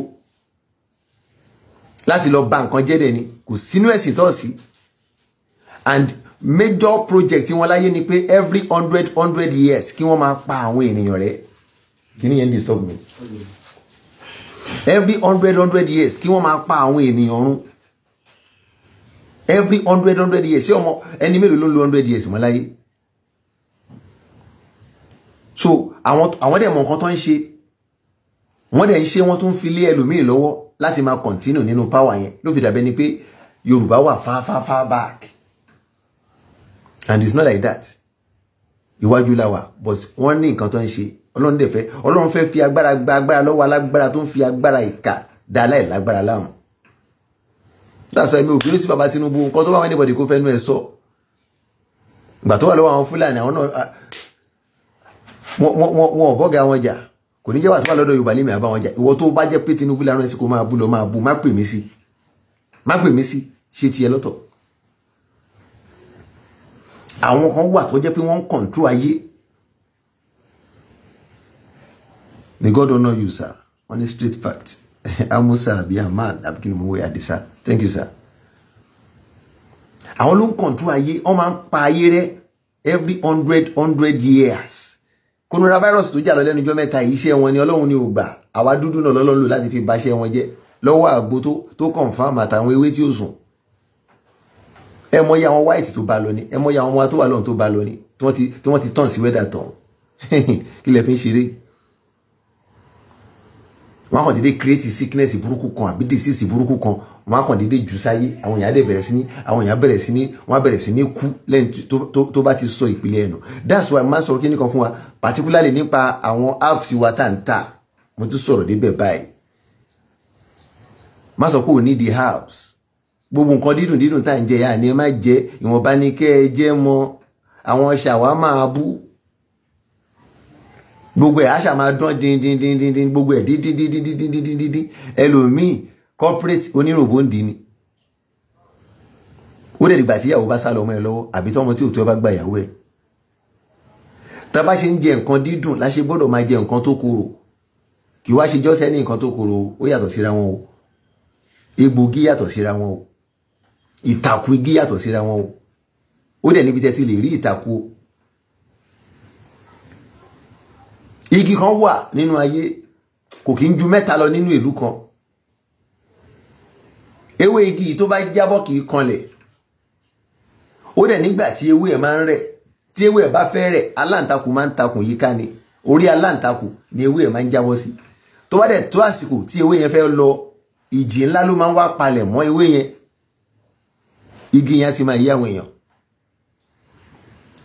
láti lọ bà nǹkan jẹ́ dẹ̀ ni kò sínú ẹ̀sìn tó sí and major project tí wọ́n láyé ni pé every hundred hundred years kí wọ́n máa pa àwọn ènìyàn rẹ̀ kí ni yẹn disturb me every hundred hundred years kí wọ́n máa pa àwọn ènìyàn run every hundred hundred years ṣé ọmọ ẹni mélòó ló ń lo hundred years mọ́ láyé so àwọn dẹ̀ mọ̀ nǹkan tó ń ṣe wọ́n dẹ̀ ń ṣe wọ́n tún fi lé ẹlòmíì lọ́wọ́ láti máa kọ̀ntínù nínú páwà yẹn ló fi dàbẹ́ ni pé Yorùbá wà far far far back and it's not like that iwájú la wà but wọ́n ní nǹkan tó ń ṣe Ọlọ́run dẹ̀ fẹ́ Ọlọ́run fẹ́ fi agbára gba agbára lọ́wọ́ alágbára tó ń fi agbára ìka dá aláìlágbára láwọn láṣọ ẹ̀mí òbí sí baba Tinubu nǹkan tó bá wà níbọ̀dì kó fẹ́ nú ẹ sọ ìgbà tó wà lọ́wọ́ àwọn Fúlàní àwọn náà ah, wọ́n ọ̀bọ̀gà wọn jà kò ní jẹ́ wà tó wà lọ́dọ̀ yorùbá lèmi àbáwọn jà ìwọ tó bá jẹ́ pé tinubu lárọ́ ẹ̀ sí kó máa bú lọ máa bú má pè mí sí má pè mí sí ṣe tiẹ̀ lọ́tọ̀ àwọn kan wà tó jẹ́ pé wọ́n ń kọ̀ǹtró ayé may God honour you sir on a straight fact amusa àbí aman abikinimowe adisa thank you sir àwọn ló ń kọ̀ǹtró ayé wọ́n máa ń pa ayé rẹ every hundred hundred years coronavirus tó jà lọ lẹ́nu ọjọ́ mẹ́ta iṣẹ́ wọn ni ọlọ́run ni ò gbà àwa dúdú náà lọ́lọ́run lò láti fi báṣẹ́ wọn jẹ́ lọ́wọ́ àgbo tó confam àtàwọn ewé tí ó sùn ẹ mọ iye àwọn white tó bá lọ ni ẹ mọ iye àwọn ọmọ tó wà lọ́run tó bá lọ ni tí wọ́n ti tàn sí wẹ́dà tán kí lẹ fi ń ṣeré wọn kàn déédéé create sickness burúkú kan àbí disease burúkú kan wọn kàn déédéé jù sáyé àwọn èèyàn bẹ̀rẹ̀ sí ní àwọn èèyàn bẹ̀rẹ̀ sí ní wọn bẹ̀rẹ̀ sí ní kú lẹ́yìn tó bá ti sọ ìpìlẹ̀ ẹ̀nu that's why máa sọ̀rọ̀ kíní kan fún wa particularly nípa àwọn apps wa tá n ta mo tún sọ̀rọ̀ débẹ̀ báyìí má sọ pé ò ní the apps gbogbo nǹkan dídùn dídùn tá à jẹ yá ni ẹ má jẹ ìwọ̀nba ni kẹ́ ẹ jẹ́ mọ àwọn ṣàwámà abú gbogbo ẹ̀ àṣà máa dán díndíndíndín gbogbo ẹ̀ díndíndíndíndíndín ẹlòmíì corporate oníròbó ń dín ni ó dẹ̀ dìgbà tí ìyàwó bá sá lọ ọmọ ẹ lọ́wọ́ àbí tí ọmọ tí òtún ẹ bá gba ìyàwó ẹ tá a bá ṣe ń jẹ nǹkan dídùn la ṣe gbọ́dọ̀ máa jẹ nǹkan tó korò kì wá ṣe jọ́sẹ́ ní nǹkan tó korò ó yàtọ̀ síra wọn o egbògi yàtọ̀ síra wọn o ìtàkùn igi yàtọ̀ síra wọn o ó dẹ̀ níbi tẹ́tí lè rí ìtàkùn igi kan wà nínú ayé kò kí ń ju mẹ́ta lọ nínú ìlú kan ewé igi yìí tó bá jábọ́ kì í kanlẹ̀ ó dẹ̀ nígbà tí ewé ẹ̀ máa ń rẹ̀ tí ewé ẹ̀ bá fẹ́ rẹ̀ aláǹtakùn máa ń takùn yíká ni orí aláǹtakùn ni ewé ẹ̀ máa ń jábọ́ sí tó bá dẹ̀ tó àsìkò tí ewé yẹn fẹ́ lọ ìjì ńlá ló máa ń wá palẹ̀ mọ́ ewé yẹn igi yẹn ti máa yí àwọn èèyàn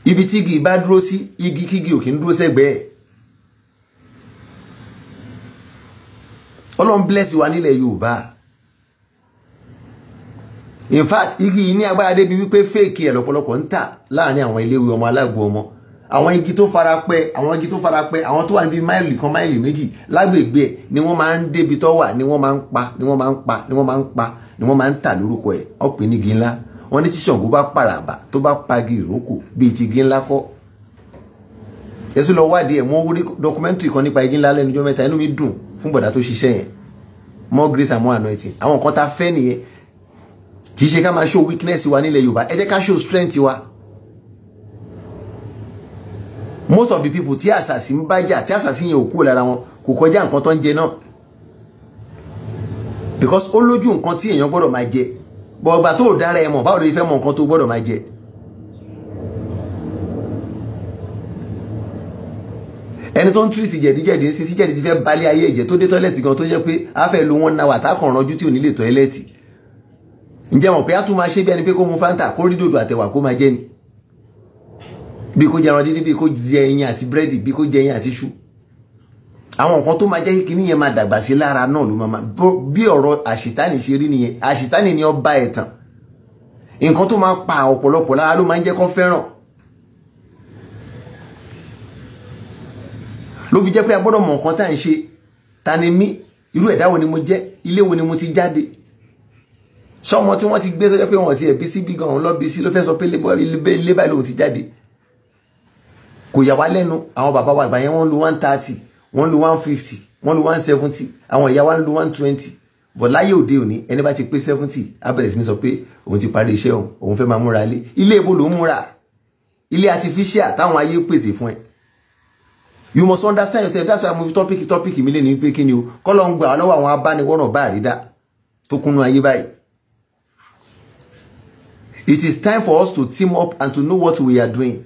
ibi tí igi bá dúró sí igi kígi ò kì í dúró sẹ́gbẹ̀ẹ́ ọlọ́run bless wa nílẹ̀ yorùbá in fact igi yìí ní agbára débi wípé fèèkì ẹ̀ lọ́pọ̀lọpọ̀ ń tà láàrin àwọn iléèwé ọmọ aláàgbò ọmọ àwọn igi tó fara pẹ́ àwọn igi tó fara pẹ́ àwọn tó wà níbi máìlì kan máìlì méjì lágbègbè ẹ̀ ni wọ́n máa ń débi tó wà ni wọ́n máa ń pa ni wọ́n máa ń pa ni wọ́n máa ń pa ni wọ́n máa ń tà lórúkọ ẹ̀ ọ̀pẹ nígi ńlá wọ́n ní tí bá pàràbà tó bá pagi ìrókò bíi ti igi ńlá kọ́ ẹ sì lọ wádìí ẹ̀ wọ́n rí documentary kan nípa igi ńlá lẹ́nu ọjọ́ mẹ́ta inú mi dùn fún bọ̀dá tó ṣiṣẹ́ yẹn more grace and more anointing àwọn nǹkan tá fẹ́ nìyẹn kì í ṣe ká máa show weakness wa nílẹ̀ Yorùbá ẹ jẹ́ ká show strength wa most of the people tí àṣàṣì ń bájà tí àṣàṣì yẹn ò kúrò lára wọn kò kọjá nǹkan tó ń jẹ náà because ó lójú nǹkan tí èèyàn gbọ́dọ̀ máa jẹ bọ̀ọ̀gbà tó dára ẹ mọ̀ báwo ló fẹ́ mọ nǹkan tó gbọ́dọ̀ máa jẹ ẹni tó ń tírìtì jẹ̀díjẹ̀dí ń sin tí jẹ̀dí ti fẹ́ balẹ̀ ayé ẹ̀jẹ̀ tó dé tọ́lẹ̀tì gan tó jẹ́ pé a fẹ́ lo wọn náwà tá kàn ránjú tí ò ní lè tọ́lẹ̀tì ǹjẹ́ mọ̀ pé a ṣe bí ẹni pé kó mu fanta kó rí dòdò àtẹ̀wà kó máa jẹ́ ni bí kó jẹran dídí bí kó jẹ ẹyin àti búrẹ́dì bí kó jẹ ẹyin àti iṣu àwọn nǹkan tó máa jẹ́ kí kíní yẹn máa dàgbà sí lára náà ló máa bí ọ̀rọ̀ àṣìtánì ṣe rí nìyẹn àṣìtánì ni ọba ẹ̀tàn nǹkan tó máa pa ọ̀pọ̀lọpọ̀ lára ló máa ń jẹ́ kó fẹ́ràn ló fi jẹ́ pé a gbọ́dọ̀ mọ̀ nǹkan tá à ń ṣe ta ni mí irú ẹ̀dá wo ni mo jẹ́ ilé wo ni mo ti jáde sọmọ tí wọ́n ti gbé tó jẹ́ pé wọ́n ti ẹ̀bí sí bí gan òun lọ́bí sí ló fẹ́ sọ pé ilé báyìí lòun ti jáde kò yà wá lẹ́nu àwọn bàbá wa àgbà wọ́n lu one thirty wọ́n lu one fifty wọ́n lu one seventy àwọn ìyá wa ń lu one twenty bọ̀ láyé òde òní ẹni bá ti pé seventy abẹ́rẹ́ sí ni sọ pé òun ti parí iṣẹ́ òun òun fẹ́ máa múra ilé ilé ibo lòún múra ilé artificial táwọn ayé pèsè fún ẹ you must understand yourself that's why mo fi topic, tọ́pìkì mi lè ní pé kí ni o kọ́lọ́ ń gbà ọ́ lọ́wọ́ àwọn abániwọ́ràn bá àrídá tó kúnnú ayé báyìí. It is time for us to team up and to know what we are doing.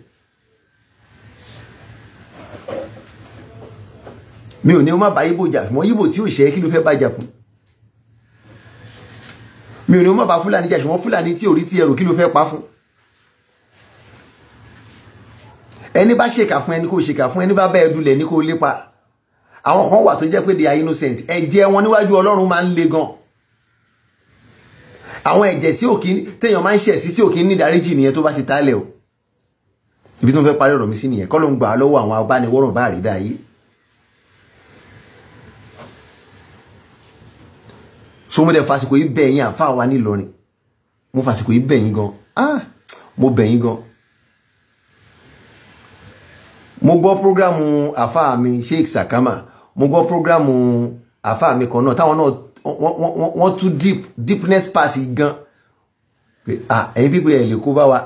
mi ò ní o má bá yíbò jà fún wọn yíbò tí ò ṣe kí ló fẹ́ bá jà fún mi ò ní o má bá fúlàní jà fún wọn fúlàní tí ò rí tí ẹrù kí ló fẹ́ pa fún. ẹni bá ṣèkà fún ẹni kò ṣèkà fún ẹni bá bẹ́ẹ̀ dulẹ̀ ní kò lépa àwọn kan wà tó jẹ́ pé they are innocent ẹ̀jẹ̀ wọn níwájú ọlọ́run máa ń le gan àwọn ẹ̀jẹ̀ tí ò kí téèyàn máa ń ṣẹ̀ sí tí ò kí ní ìdáríjì nìyẹn tó bá ti tálẹ̀ o ibi tó ń fẹ́ parí ọ̀rọ̀ mi sí nìyẹn kọ́ ló ń gbà á lọ́wọ́ àwọn abániwọ́rọ̀ bá rí dáa yìí so mo dẹ̀ fàsìkò yìí bẹ̀ àfa wa nílọrin mo fàsìkò yìí bẹ̀ gan ah mo bẹ̀ yín gan mo gbọ́ prógrámù àfáà mi Sheikh Sakama mo gbọ́ prógrámù àfáà mi kan náà táwọn náà wọ́n tún deep deepness pass gan ah ẹ̀yin pípé ẹ̀ lè kó bá wa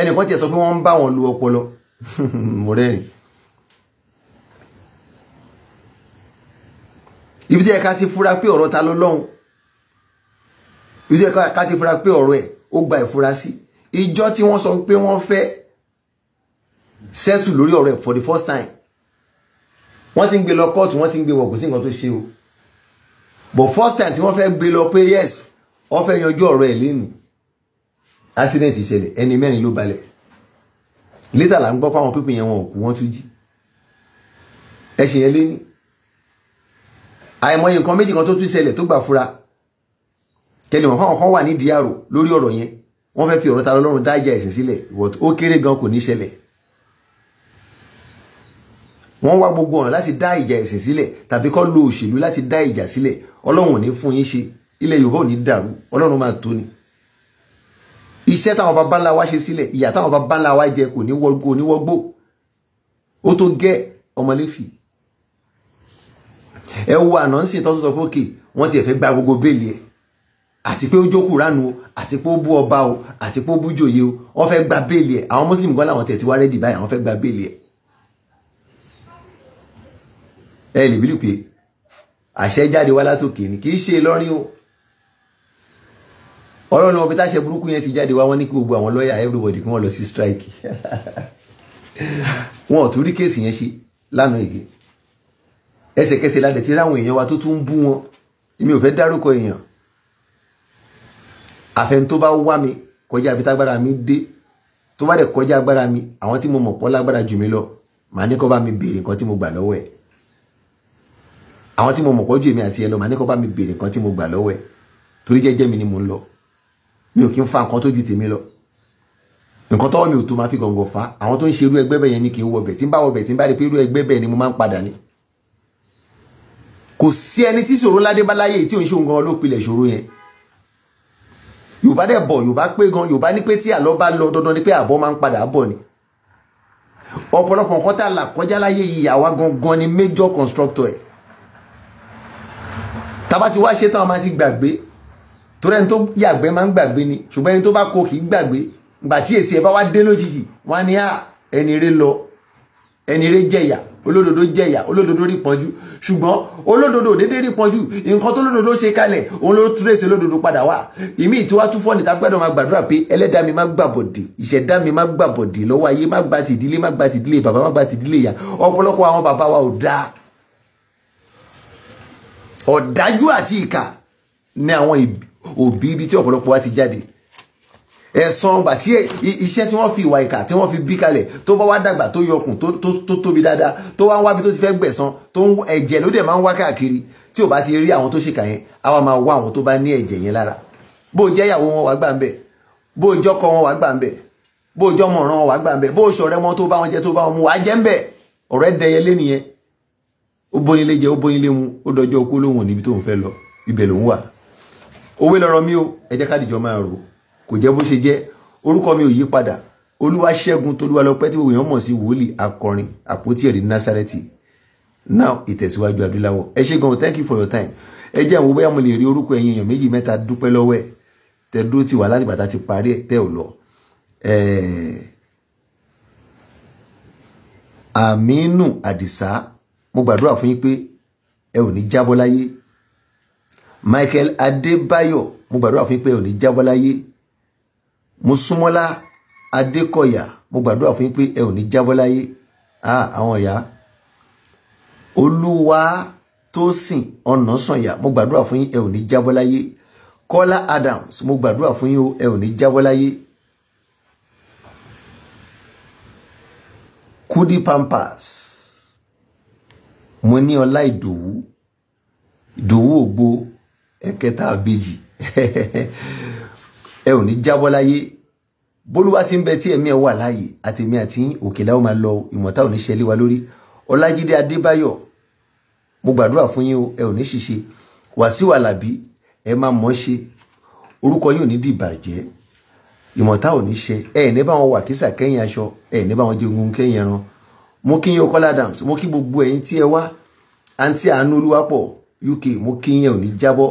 ẹnìkan tiẹ̀ sọ pé wọ́n ń bá wọn lu ọpọlọ mo rẹ́rìn. ibi tí ẹ̀ka ti fura pé ọ̀rọ̀ ta ló lọ́hùn ibi tí ẹ̀ka ti fura pé ọ̀rọ̀ ẹ̀ ó gba ìfurasí ìjọ tí wọ́n sọ pé wọ́n fẹ́ settle lórí ọ̀rọ̀ ẹ̀ for the first time wọ́n ti ń gbé lọ kóòtù wọ́n ti ń gbé wọ̀ kò sí nǹkan tó ṣe o but first time tí wọ́n fẹ́ gbé lọ pé yes wọ́n fẹ́ yanjú ọ̀rọ̀ ẹ̀ lẹ́nu accident ìṣẹ̀lẹ̀ ẹni mẹ́rin ló balẹ̀ later là ń gbọ́ pàwọn pípín yẹn wọn ò kú wọ́n tún jí ẹ̀sìn yẹn lẹ́ni àìmọye nǹkan méjì kan tó tún ṣẹlẹ̀ tó gbà fura kẹlẹ̀ wọn fáwọn kan wà ní dr lórí ọ̀rọ̀ yẹn wọ́n fẹ́ fi ọ̀rọ̀ ta lọ́rùn dájà ẹ̀sìn sílẹ̀ ó kéré gan kò ní ṣẹlẹ̀ wọ́n wá gbogbo ọ̀nà láti dá ìjà ẹ̀sìn sílẹ̀ tàbí kó lo òṣèlú láti dá ìjà sílẹ̀ ọlọ́run ò ní fún yín ṣe ilẹ̀ yorùbá ò ní dàrú ọlọ́run máa tó ni. iṣẹ́ táwọn bàbá ńlá wa ṣe sílẹ̀ ìyà táwọn bàbá ńlá wa jẹ kò ní wọ́gbó ní wọ́gbó ó tó gẹ́ ọmọléfì. ẹ wo ànánsìn tó sọ pé òkè wọ́n tiẹ̀ fẹ́ gba gbogbo béèlì ẹ̀ àti pé ó jókòó ránu o àti pé ó bú ọba o àti pé ó bú jòyè o wọ́n fẹ́ gba béèlì ẹ̀ àwọn mùsùlùmí gan làwọn tẹ̀ ti wá rẹ́dì báyìí àwọn fẹ́ gba béèlì ẹ̀ ẹ lè bílù pé àṣẹ jáde wá látòkè ni kì í ṣe lọ́rin o ọ̀rọ̀ ni wọn bí burúkú yẹn ti jáde wá wọn ní kí gbogbo àwọn lọ́ọ̀yà everybody kí wọ́n lọ sí strike wọn ò tún rí kéèsì yẹn ṣe lánàá èdè ẹsẹ̀kẹsẹ̀ ládẹ̀ tí ráwọn èèyàn wa tó tún ń bú wọn èmi ò fẹ́ dárúkọ èèyàn àfẹn tó bá wá mi kọjá àbí tágbára mi dé tó bá dẹ̀ kọjá agbára mi àwọn tí mo mọ̀ pọ̀ lágbára jù mí lọ màá ní kó bá mi béèrè nǹkan tí mo gbà lọ́wọ́ ẹ̀ àwọn tí mo mọ̀ pọ̀jù èmi àti ẹ lọ màá ní kó bá mi béèrè nǹkan tí mo gbà lọ́wọ́ ẹ torí jẹ́jẹ́ mi ni mo ń lọ mi ò kí ń fa nǹkan tó ju tèmi lọ nǹkan tọ́wọ́ mi ò tó máa fi gọ̀ǹgọ̀ fa àwọn tó ń ṣe irú ẹgbẹ́ bẹ́ẹ̀ yẹn ni kì í wọbẹ̀ tí ń bá wọbẹ̀ tí ń bá rí pé irú ẹgbẹ́ bẹ́ẹ̀ ni mo máa ń padà ní. kò sí ẹni tí ṣòro ládé bá láyé tí òun ṣe òun gan ló pilẹ̀ ṣòro yẹn yorùbá dẹ̀ bọ̀ yorùbá pé gan yorùbá ní pé tí àlọ́ bá lọ dandan ni pé àbọ̀ máa ń padà bọ̀ ni ọ̀pọ̀lọpọ̀ nǹkan tá a là kọjá láyé yìí àwa gangan ni major constructor ẹ̀ tábà ti wá ṣe tán máa ti gbàgbé torí ẹni tó yàgbẹ́ máa ń gbàgbé ni ṣùgbọ́n ẹni tó bá kó kì í gbàgbé gbà tí èsì ẹ̀ bá wá dé lójijì wọ́n á ní à ẹni rẹ lọ ẹni rẹ jẹ̀yà olódodo jẹ̀yà olódodo rí pọ́njú ṣùgbọ́n olódodo òdédé rí pọ́njú nǹkan tó lódodo ṣe kalẹ̀ òun ló túrèsè olódodo padà wá ìmí ìtura tún fọ́ọ̀nì tá gbọ́dọ̀ máa gbàdúrà pé ẹlẹ́dàá mi má gbàbọ̀dè ìṣẹ̀dá mi má gbàbọ̀dè lọ́wọ́ ayé má gba tìdílé má gba tìdílé bàbá má gba tìdílé ìyá ọ̀pọ̀lọpọ̀ àwọn bàbá wa ò dáa ọ̀dájú àti ìkà ní àwọn òbí ibi tí ọ̀pọ̀lọpọ̀ wa ti jáde ẹ̀sán ọgbà tí iṣẹ́ tí wọ́n fi ìwà ìkà tí wọ́n fi bí kalẹ̀ tó bá wá dàgbà tó yọkùn tó tóbi dáadáa tó wá ń wábi tó ti fẹ́ gbẹ̀san tó ń ẹ̀jẹ̀ ló dẹ̀ máa ń wá káàkiri tí ò bá ti rí àwọn tó ṣèkà yẹn á wá máa wá àwọn tó bá ní ẹ̀jẹ̀ yẹn lára bó jẹ́ ìyàwó wọn wá gbà ń bẹ̀ bó jọ́kọ wọn wá gbà ń bẹ̀ bó jọ́mọ̀ràn wọn wá gbà ń bẹ̀ bó ṣọ̀rẹ́ wọn tó bá wọn jẹ tó bá wọn mu wá jẹ́ ń bẹ̀ ọ̀rẹ́ dẹyẹlé nìyẹn ó bónílé jẹ ó bónílé mu ó dọjọ́ okú lóhùn níbi tóun fẹ́ lọ ibẹ̀ lòun wà òwe lọ̀rọ̀ mi o ẹ kádìjọ máa rò kò jẹ́ bó ṣe jẹ́ orúkọ mi ò yí padà Olúwaṣẹ́gun Tolúwalọpẹ́ tí òyìnbó mọ̀ sí wòlíì akọrin àpótí ẹ̀rí Násárẹ́tì now ìtẹ̀síwájú adúláwọ̀ ẹ ṣé gan thank you for your time ẹ jẹ́ àwọn bóyá mo lè rí orúkọ ẹ̀yin èèyàn méjì mẹ́ta dúpẹ́ lọ́wọ́ ẹ̀ tẹ dúró ti wà láti bàtà ti parí ẹ̀ tẹ́ ò lọ. Aminu Adisa mo gbàdúrà fún yín pé ẹ ò ní jábọ́ láyé Michael Adébáyọ̀ mo gbàdúrà fún yín pé ẹ ò ní jábọ́ láyé Musúmọ́lá Adékọ̀yà mo gbàdúrà fún yín pé ẹ ò ní jábọ́ láyé àwọn ìyá olúwa tó sìn ọ̀nà sànyà mo gbàdúrà fún yín ẹ ò ní jábọ́ láyé Kọ́lá Adams mo gbàdúrà fún yín o ẹ ò ní jábọ́ láyé. Kudi Pampas mo ní ọlá ìdòwú ìdòwú ògbó ẹ̀kẹta àbejì ẹ ò ní jábọ́ láyé bólúwa ti ń bẹ tí ẹ̀mí ẹ̀ wà láàyè àtẹ̀mí àti òkè láwọn máa lọ ìmọ̀ta ò ní ṣẹlẹ̀ wa lórí ọlájídé adébáyọ̀ mo gbàdúrà fún yín o ẹ ò ní ṣìṣe wàsíù alábí ẹ máa mọ̀ ṣe orúkọ yín ò ní di ìbàjẹ́ ìmọ̀ta ò ní ṣe ẹ ní bá wà kísà kẹ́yìn aṣọ ẹ ní bá wọn jẹun kẹ́yìn ẹran mo kí yín Kọ́lá Adams mo kí gbogbo ẹ̀yin tí ẹ wá àǹtí àánú olúwapọ̀ UK mo kí yín ò ní jábọ́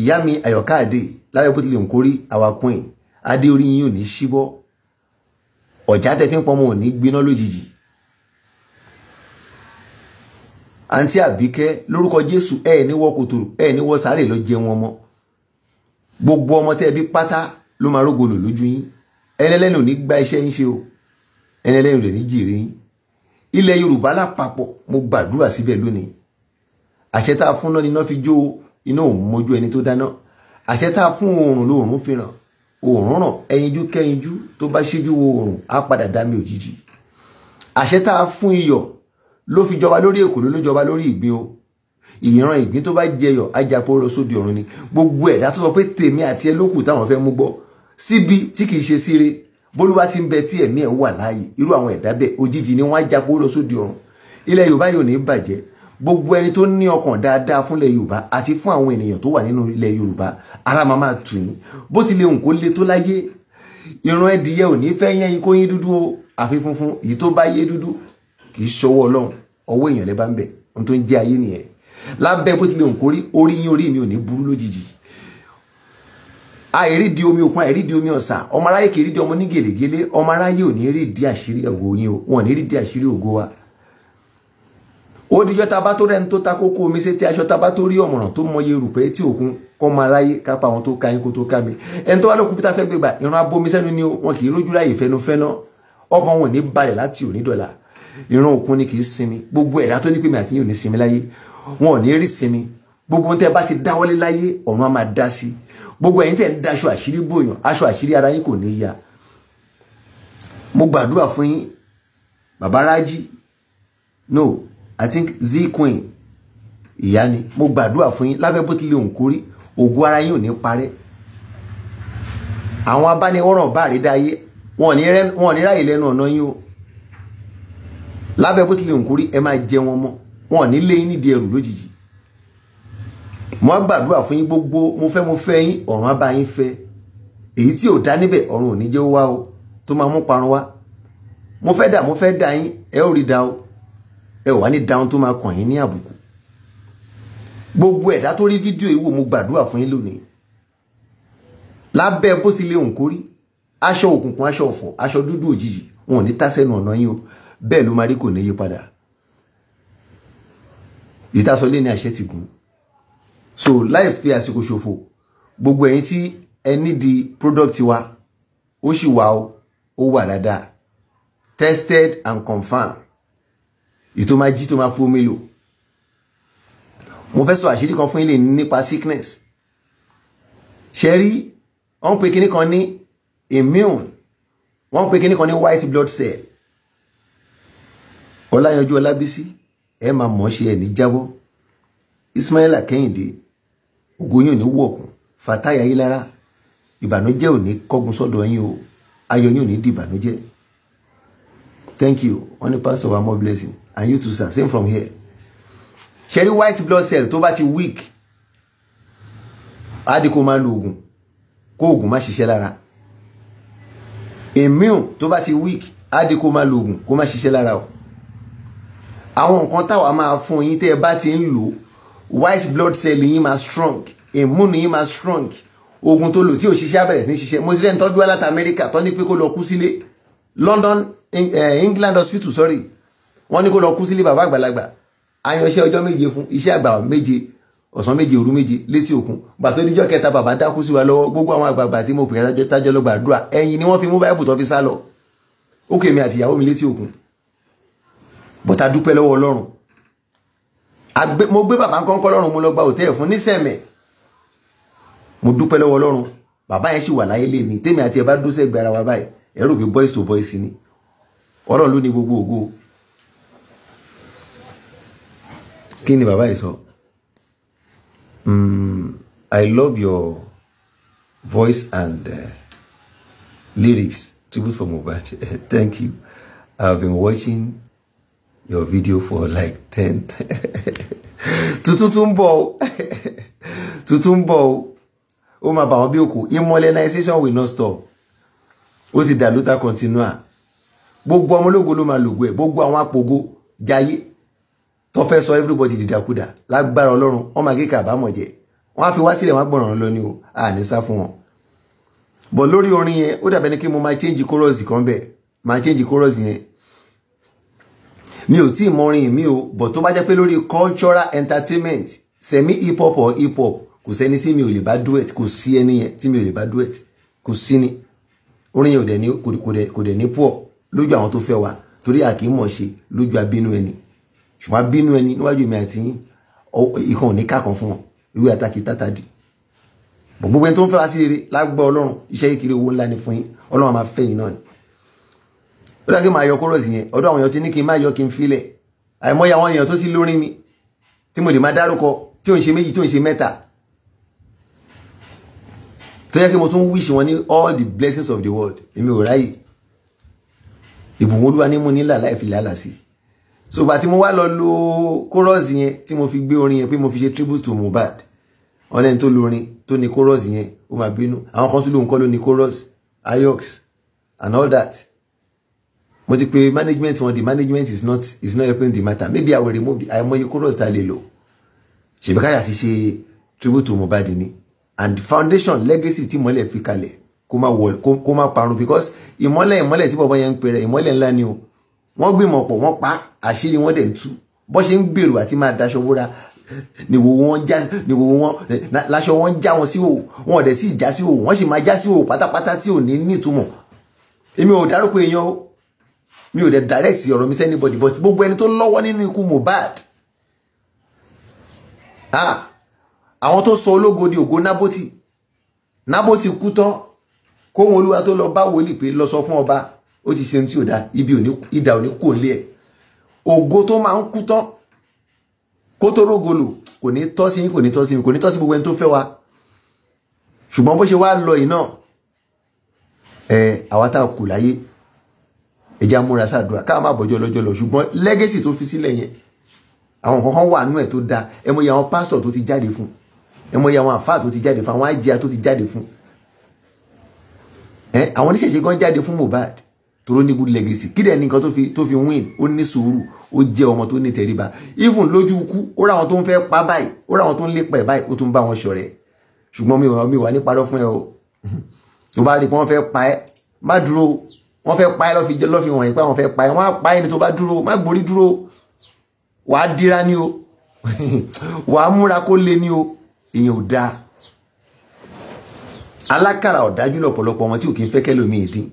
ìyá mi àyọ̀káàdé lábẹ́ bó tilẹ̀ ń kórí àwa queen adé orí yín ò ní ṣíbọ́ ọ̀já tẹ fi ń pọnmọ ò ní gbiná lójijì àǹtí àbíkẹ́ lórúkọ jésù ẹ̀ ní wọ́ kòtòrò ẹ̀ ní wọ́ sáré lọ jẹun ọmọ gbogbo ọmọ tẹ́ bí pátá ló máa rógolò lójú yín ẹni ò ní gba iṣẹ́ yín ṣe o ẹni rẹ̀ ní jèrè yín ilẹ̀ yorùbá lápapọ̀ mo gbàdúrà síbẹ̀ lónìí àṣẹ tá a fún náà níná fi jó iná òun mojú ẹni tó dáná àṣẹ tá a fún oòrùn lóòrùn fi ràn oòrùn ràn ẹyinjú kẹyinjú tó bá ṣíjú wo oòrùn á padà dá mi òjijì àṣẹ tá a fún iyọ̀ ló fi jọba lórí èkó ló jọba lórí ìgbín o ìran ìgbín tó bá jẹyọ ajaporo sódì ọ̀run ni gbogbo ẹ̀dá tó sọ pé tèmi àti ẹlókù táwọn fẹ́ mú gbọ́ síbi tí kì í ṣe síre bólúwa ti ń bẹ tí ẹ̀mí ẹ̀ wà láàyè irú àwọn ẹ̀dá bẹ́ẹ̀ òjijì ni wọ́n á japo lọ sóde ọ̀run ilẹ̀ yorùbá yóò ní bàjẹ́ gbogbo ẹni tó ní ọkàn dáadáa fúnlẹ̀ yorùbá àti fún àwọn ènìyàn tó wà nínú ilẹ̀ yorùbá ara máa máa tù yín bó ti lè hùn kó le tó láyé ìran ẹdìyẹ ò ní fẹ́ yẹn yín kó yín dúdú o àfi funfun èyí tó bá yé dúdú kì í ṣọwọ́ ọlọ́run ọwọ́ èèyàn lẹ́ bá ń bẹ̀ ohun tó ń jẹ́ ayé nìyẹn lábẹ́ bó ti lè hùn kórí orí yín orí mi ò ní burú lójijì àìrídi omi òkun àìrídi omi ọ̀sà ọmọ aráyé kì í rídi ọmọ ní gèlègélé ọmọ aráyé ò ní rídi àṣírí ògo yín o wọn ò ní rídi àṣírí ògo wa ó dijọ́ ta bá tó rẹ́ni tó ta kókó omi ṣe tí aṣọ ta bá tó rí ọ̀mọ̀ràn tó mọye rùpẹ́ tí òkun kọ́ ọmọ aráyé kápá àwọn tó ka yín kó tó ká mi ẹni tó wá lókun pété afẹ́ gbégbà ìran abomi sẹ́nu ni wọn kì í rójú ráyè fẹnufẹ́ná ọkàn wọn ò ní ni kì í sinmi gbogbo ẹ̀dá tó ní pèmí àti yín gbogbo ẹ̀yin tẹ̀ ń daṣọ àṣírí bòyàn aṣọ àṣírí ara yín kò ní ya mo gbàdúrà fún yín bàbá no i think z queen ìyá ni mo gbàdúrà fún yín lábẹ́ bó tilẹ̀ òun kórí ògo ara yín ò ní parẹ́ àwọn abániwọ́ràn bá àrídáyé wọn ò ní ráyè lẹ́nu ọ̀nà yín o lábẹ́ bó tilẹ̀ òun ẹ máa jẹ wọn mọ́ wọn ní lé yín nídìí ẹrù lójijì mo á gbàdúrà fún yín gbogbo mo fẹ́ mo fẹ́ yín ọ̀run á bá yín fẹ́ èyí tí ò dá níbẹ̀ ọ̀run ò ní jẹ́ wá o tó máa mú parun wá mo fẹ́ dà mo fẹ́ dà yín ẹ ò rí da o ẹ ò wá ní da ohun tó máa kàn yín ní àbùkù gbogbo ẹ̀dá tó rí fídíò yìí wò mo gbàdúrà fún yín lónìí lábẹ́ bó ti lè hùn kórí aṣọ òkùnkùn aṣọ ọ̀fọ̀ aṣọ dúdú òjijì wọn ò ní tá sẹ́nu ọ̀nà yín o bẹ́ẹ̀ ló máa rí kò ní yí padà ìtasọlé ní àṣẹ ti gùn so láì fi àsìkò ṣòfò gbogbo ẹ̀yin tí ẹ nídìí product wa ó sì wà ó ó wà dáadáa tested and confirmed ètò máa jí tó máa fún mi lò mo fẹ́ sọ àṣírí kan fún yín lè sickness ṣe rí wọ́n pe kíní kan ní immune wọ́n pe kíní kan ní white blood cell ọláyanjú ọlábísí ẹ máa mọ̀ ṣe ẹ̀ ní jábọ́ Ismaila Kẹ́hìndé ògo ní wọ̀kùn fàtáyà yín ìbànújẹ́ ò ní kọ́gun sọ́dọ̀ yín o ayọ̀ yín ò ní di ìbànújẹ́ thank you wọ́n ní pastor wa more blessing and you too sir same from here ṣẹ́rí white blood cell tó bá ti weak á di kó máa lo oògùn kó oògùn má ṣiṣẹ́ lára immune tó bá ti weak á di kó máa lo oògùn kó má ṣiṣẹ́ lára o àwọn nǹkan táwa máa fún yín tẹ́ ẹ bá ti ń lò white blood cell yín máa strong ìmúni yín máa strong oògùn tó lò tí ò ṣiṣẹ́ abẹ̀rẹ̀ ní ṣiṣẹ́ mo ti rẹ́ni tọ́jú wá láti amẹ́ríkà tó ní pé kó lọ kú sílé london eh, england hospital sorry wọ́n ní kó lọ kú sílé bàbá àgbàlagbà ayanṣẹ́ ọjọ́ méje fún iṣẹ́ àgbà méje ọ̀sán méje òru méje létí òkun bàtó níjọ́ kẹta bàbá dákú sí wa lọ́wọ́ gbogbo àwọn àgbààgbà tí mo pè é tájọ́ ló gbàdúrà ẹ̀yìn ni wọ́n fi mú báyìí bùtọ́ fi sá lọ ó kèmí àtìyàwó mi létí òkun bọ̀tà dúpẹ́ lọ́wọ́ ọlọ́run mo gbé bàbá ńkọ́ńkọ́ lọ́rùn mo lọ gba òtẹ́ẹ̀ fún nísẹ̀mẹ̀ mo dúpẹ́ lọ́wọ́ ọlọ́run bàbá yẹn sì wà láyé lè ní tèmi àti ẹ bá dúró sẹ́gbẹ̀ẹ́ ara wa báyìí ẹ rò boys to boys ni ọlọ́run ló ní gbogbo ògo kí ni bàbá yìí sọ mm, I love your voice and uh, lyrics tribute for Mohbad thank you I have been watching your video for like ten tuntun tún bọ̀ tuntun bọ̀ ó máa bà wọ́n bí òkú will not stop ó ti dà lóta continua gbogbo ọmọ ológo ló máa lògbó ẹ̀ gbogbo àwọn apògo jayé tó fẹ́ sọ everybody dìdàkudà lágbára ọlọ́run wọ́n máa kéka àbámọ̀ jẹ wọ́n á fi wá sílẹ̀ ní o àní sá fún wọn bọ̀ lórí orin yẹn ó dàbẹ́ ni kí mo máa change chorus kan bẹ̀ máa change chorus yẹn mi ò tí ì mọrin mi o bọ̀ tó bá jẹ́ pé lórí cultural entertainment semi hip hop or hip hop kò sẹ́ni tí mi ò lè bá duet kò sí ẹni yẹn tí mi ò lè bá duet kò sí ni orin yẹn ò dẹ̀ ní kò dẹ̀ ní pọ̀ lójú àwọn tó fẹ́ wa torí àkì mọ̀ ṣe lójú abínú ẹni ṣùgbọ́n abínú ẹni níwájú mi àti yín ìkan ò fún wọn ìwé àtàkì tátàdì gbogbo ẹni tó ń fẹ́ wá sí rere lágbọ́ ọlọ́run iṣẹ́ kékeré owó ńlá ni fún yín ọlọ́run máa fẹ́ yín náà ni ó dàgbé máa yọ kóró sí yẹn ọ̀dọ̀ àwọn èèyàn ti ní kí n má yọ kí n filẹ̀ àìmọye àwọn èèyàn tó sì lórí mi tí mo lè máa dárúkọ tí ò ṣe méjì tí ò ṣe mẹ́ta tó yẹ kí mo tún wish wọn ní all the blessings of the world èmi ò ráyè ìbùkún olúwa ní mo nílà láì fi làálà sí ṣùgbọ́n tí mo wá lọ lo kórọ́ọ̀sì yẹn tí mo fi gbé orin yẹn pé mo fi ṣe tribute to Mohbad ọlẹ́ni tó lórin tó ní kórọ́ọ̀sì yẹn ó máa bínú àwọn kan sílò nǹkan ló ní kórọ́ọ̀sì ayox and all that mo ti pe management wọn the management is not is not helping the matter maybe I will remove the àìmọye kórọ́ọ̀sì tá a lè lò ṣèbíkáyà ti ṣe tribute to Mohbad ni and foundation legacy tí ìmọ́lẹ̀ fi kalẹ̀ kó má wọ parun because ìmọ́lẹ̀ ìmọ́lẹ̀ tí bọ̀bọ̀ yẹn ń pèrè ìmọ́lẹ̀ ńlá ni o wọ́n gbìmọ̀ pọ̀ wọ́n pa àṣírí wọn dẹ̀ ń tú bọ́ ṣe ń gbèrò àti máa daṣọ wúra nìwò wọn já nìwò wọn láṣọ wọn já wọn sí òwò wọn ò dẹ̀ sì já sí òwò wọ́n sì máa já sí òwò pátápátá tí ò ní nítumọ̀ èmi ò dárúkọ èèyàn o mi ò dẹ̀ direct ọ̀rọ̀ mi sẹ́nibọ̀dì but gbogbo ẹni tó lọ́wọ́ nínú ikú Mohbad ah àwọn tó sọ ológo di ògo nábótì nábótì kú tán kóhun olúwa tó lọ bá wòlíì pé lọ sọ fún ọba ó ti ṣe ní tí ò dá ibi ìdà òní kò lé ẹ ògo tó máa ń kú tán kó tó rógolò kò ní tọ́ sí kò ní tọ́ sí kò ní tọ́ sí gbogbo ẹni tó fẹ́ wa ṣùgbọ́n bó ṣe wá lọ yìí náà ẹ àwa tá a kù láyé ẹja múra sáàdúrà káà má bọ́jọ́ lọ́jọ́ lọ ṣùgbọ́n lẹ́gẹ́sì tó fi sílẹ̀ yẹn àwọn kankan wà nú ẹ̀ tó dáa ẹ mọ̀ iye àwọn pásítọ̀ tó ti jáde fún un ẹ mọ iye àwọn àfáà tó ti jáde fún àwọn àjẹyà tó ti jáde fún ẹ àwọn oníṣẹ̀ṣe gan jáde fún Mohbad toro ní good legacy kí dẹ̀ ní nǹkan tó fi tó fi win ó ní sùúrù ó jẹ́ ọmọ tó ní tẹríba even lójú ikú ó ráwọn tó ń fẹ́ pa báyìí ó ráwọn tó ń lépa ẹ̀ báyìí ó tún bá wọn ṣọ̀rẹ́ ṣùgbọ́n mi ò mi wà ní parọ́ fún ẹ o tó bá rí i pé wọ́n fẹ́ pa ẹ́ má dúró wọ́n fẹ́ pa ẹ́ lọ́fi lọ́fi wọ̀nyí pé àwọn fẹ́ pa ẹ́ wọ́n á pa ẹ́ ni tó bá dúró má gborí dúró wàá dira ni o wàá múra kó le ni o ìyẹn ò dáa alákàrà ọ̀dájú lọ̀pọ̀lọpọ̀ wọn tí ò kí ń fẹ́ kẹ́lòmíì dín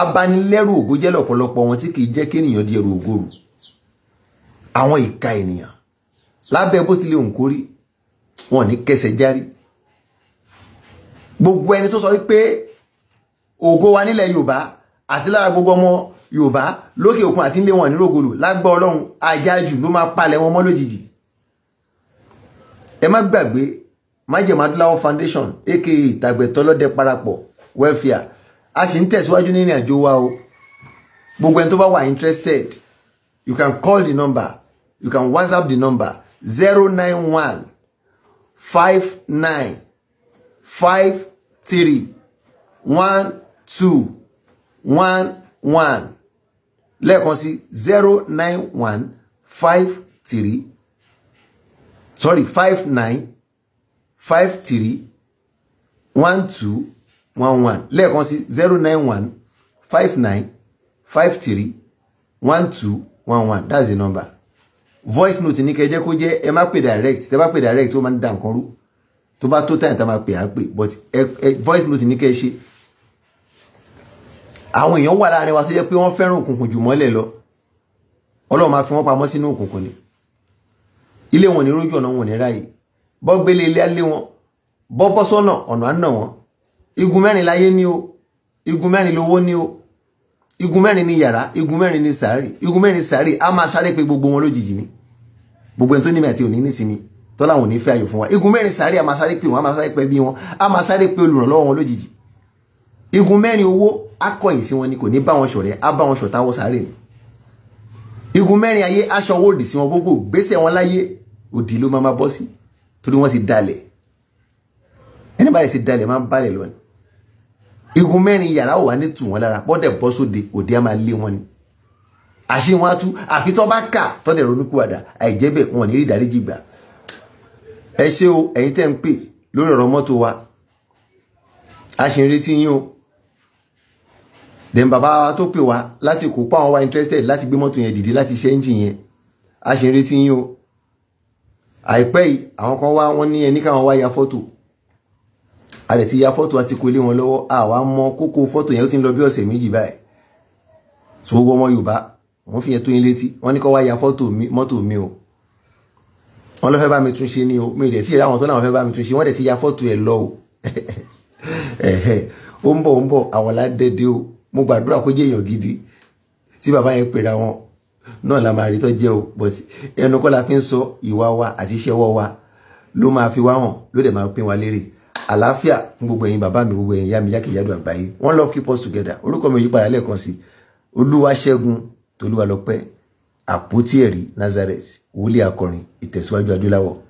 abanilẹ́rù ògo jẹ́ lọ̀pọ̀lọpọ̀ wọn tí kì í jẹ́ kéèyàn di ẹrù ògo rù àwọn ìka ènìyàn lábẹ́ bó tilẹ̀ òǹkórí wọn ní kẹsẹ̀ járí gbogbo ẹni tó sọ wípé ògo wa nílẹ̀ Yorùbá àti lára gbogbo ọmọ Yorùbá lókè òkun àti nílé wọn ní rògbòdò lágbọ́ Ọlọ́run ajájù ló máa palẹ̀ wọn mọ́ lójijì ẹ má gbàgbé foundation aka ìtàgbẹ̀tọ́lọ́dẹ parapọ̀ welfare a sì ń tẹ̀síwájú nínú àjò wa o gbogbo ẹni tó bá wà interested you can call the number you can whatsapp the number zero nine one five nine five three one two one one lẹ́ẹ̀kan sí zero nine one five three sorry five nine five three one two one one lẹ́ẹ̀kan sí zero nine one five nine five three one two one one that's the number voice note ní kẹjẹ kó jẹ́ ẹ má pè direct tẹ bá pè direct ó máa ń da nǹkan rú tó bá tó time tá máa pè á pè but ẹ voice note ní kẹ ṣe àwọn èèyàn wà láàrin wa tó jẹ́ pé wọ́n fẹ́ràn òkùnkùn jù mọ́lẹ̀ lọ Ọlọ́run máa fi wọ́n pamọ́ sínú òkùnkùn ni ilé wọn ní rójú ọ̀nà wọn ní ráyè bọ́ gbélé ilé alé wọn bọ́ bọ́ sọ́nà ọ̀nà àná wọn igun mẹ́rin láyé ní o igun mẹ́rin lówó ní o igun mẹ́rin ní yàrá igun mẹ́rin ní sàárì igun mẹ́rin sàárì a máa sáré pé gbogbo wọn lójijì ni gbogbo ẹni tó ní mi àti òní nísìmí tọ́lá wọn ò ní fẹ́ ayọ̀ fún wa igun mẹ́rin sàárì a máa sáré pé wọn a máa sáré pé bí wọn a máa sáré pé olùrànlọ́wọ́ wọn lójijì igun mẹ́rin owó akọ̀yìn sí wọn ni kò ní bá wọn ṣọ̀rẹ́ á bá wọn ṣọ̀tá wọ igun mẹ́rin ayé aṣọ wòdì sí wọn gbogbo gbèsè wọn láyé òdì ló máa ma bọ́ sí torí wọ́n ti dalẹ̀ ẹni bá lè ti dalẹ̀ máa ń balẹ̀ lọ ni igun mẹ́rin yàrá ò wá ní tù wọ́n lára bọ́dẹ̀ bọ́ sóde òde á máa lé wọn ni àṣé wọn á tú àfi tọ́ bá kà tọ́dẹ̀ ronúkúwàdà àìjẹ́ bẹ́ẹ̀ wọn ní rí ìdáríjì gbà ẹ ṣé o ẹ̀yin tẹ́ ń pè lórí ọ̀rọ̀ mọ́tò wa a ṣe ń retí yín o then bàbá wa tó pè wá láti kó pa àwọn wa interested láti gbé mọ́tò yẹn dìde láti ṣe yẹn a ṣe ń retí yín o àìpẹ́ yìí àwọn kan wá wọ́n ní ẹni káwọn wá ya fọ́tò a lè ti ya fọ́tò àti kó ilé wọn lọ́wọ́ àwa mọ kókó fọ́tò yẹn ó ti ń lọ bí ọ̀sẹ̀ méjì báyìí so gbogbo ọmọ Yorùbá wọ́n fi yẹn tó yín létí wọ́n ní kó wá ya fọ́tò mi mọ́tò mi o wọ́n lọ fẹ́ bá mi tún ṣe ni o mi ìdẹ̀ tí ìlà àwọn tó náà fẹ́ bá mi tún ṣe wọ́n dẹ̀ ti ya fọ́tò ẹ̀ lọ o ó ń bọ̀ ó ń bọ̀ àwọn ládẹ́dẹ́ o mo gbàdúrà kó jẹ́ èèyàn gidi tí bàbá yẹn pèrè àwọn náà la máa rí tó jẹ́ o but ẹnu kọ́ la fi ń sọ ìwà wa àti iṣẹ́ ọwọ́ wa ló máa fi wá hàn ló dẹ̀ máa pín wa lérè àlàáfíà fún gbogbo ẹ̀yin bàbá mi gbogbo ẹ̀yin ìyá mi jákèjádò àgbáyé one love keep us together orúkọ mi yípadà lẹ́ẹ̀kan sí Olúwaṣẹ́gun Tolúwalọpẹ́ àpótí ẹ̀rí Nazareth wòlíì akọrin ìtẹ̀síwájú adúláwọ̀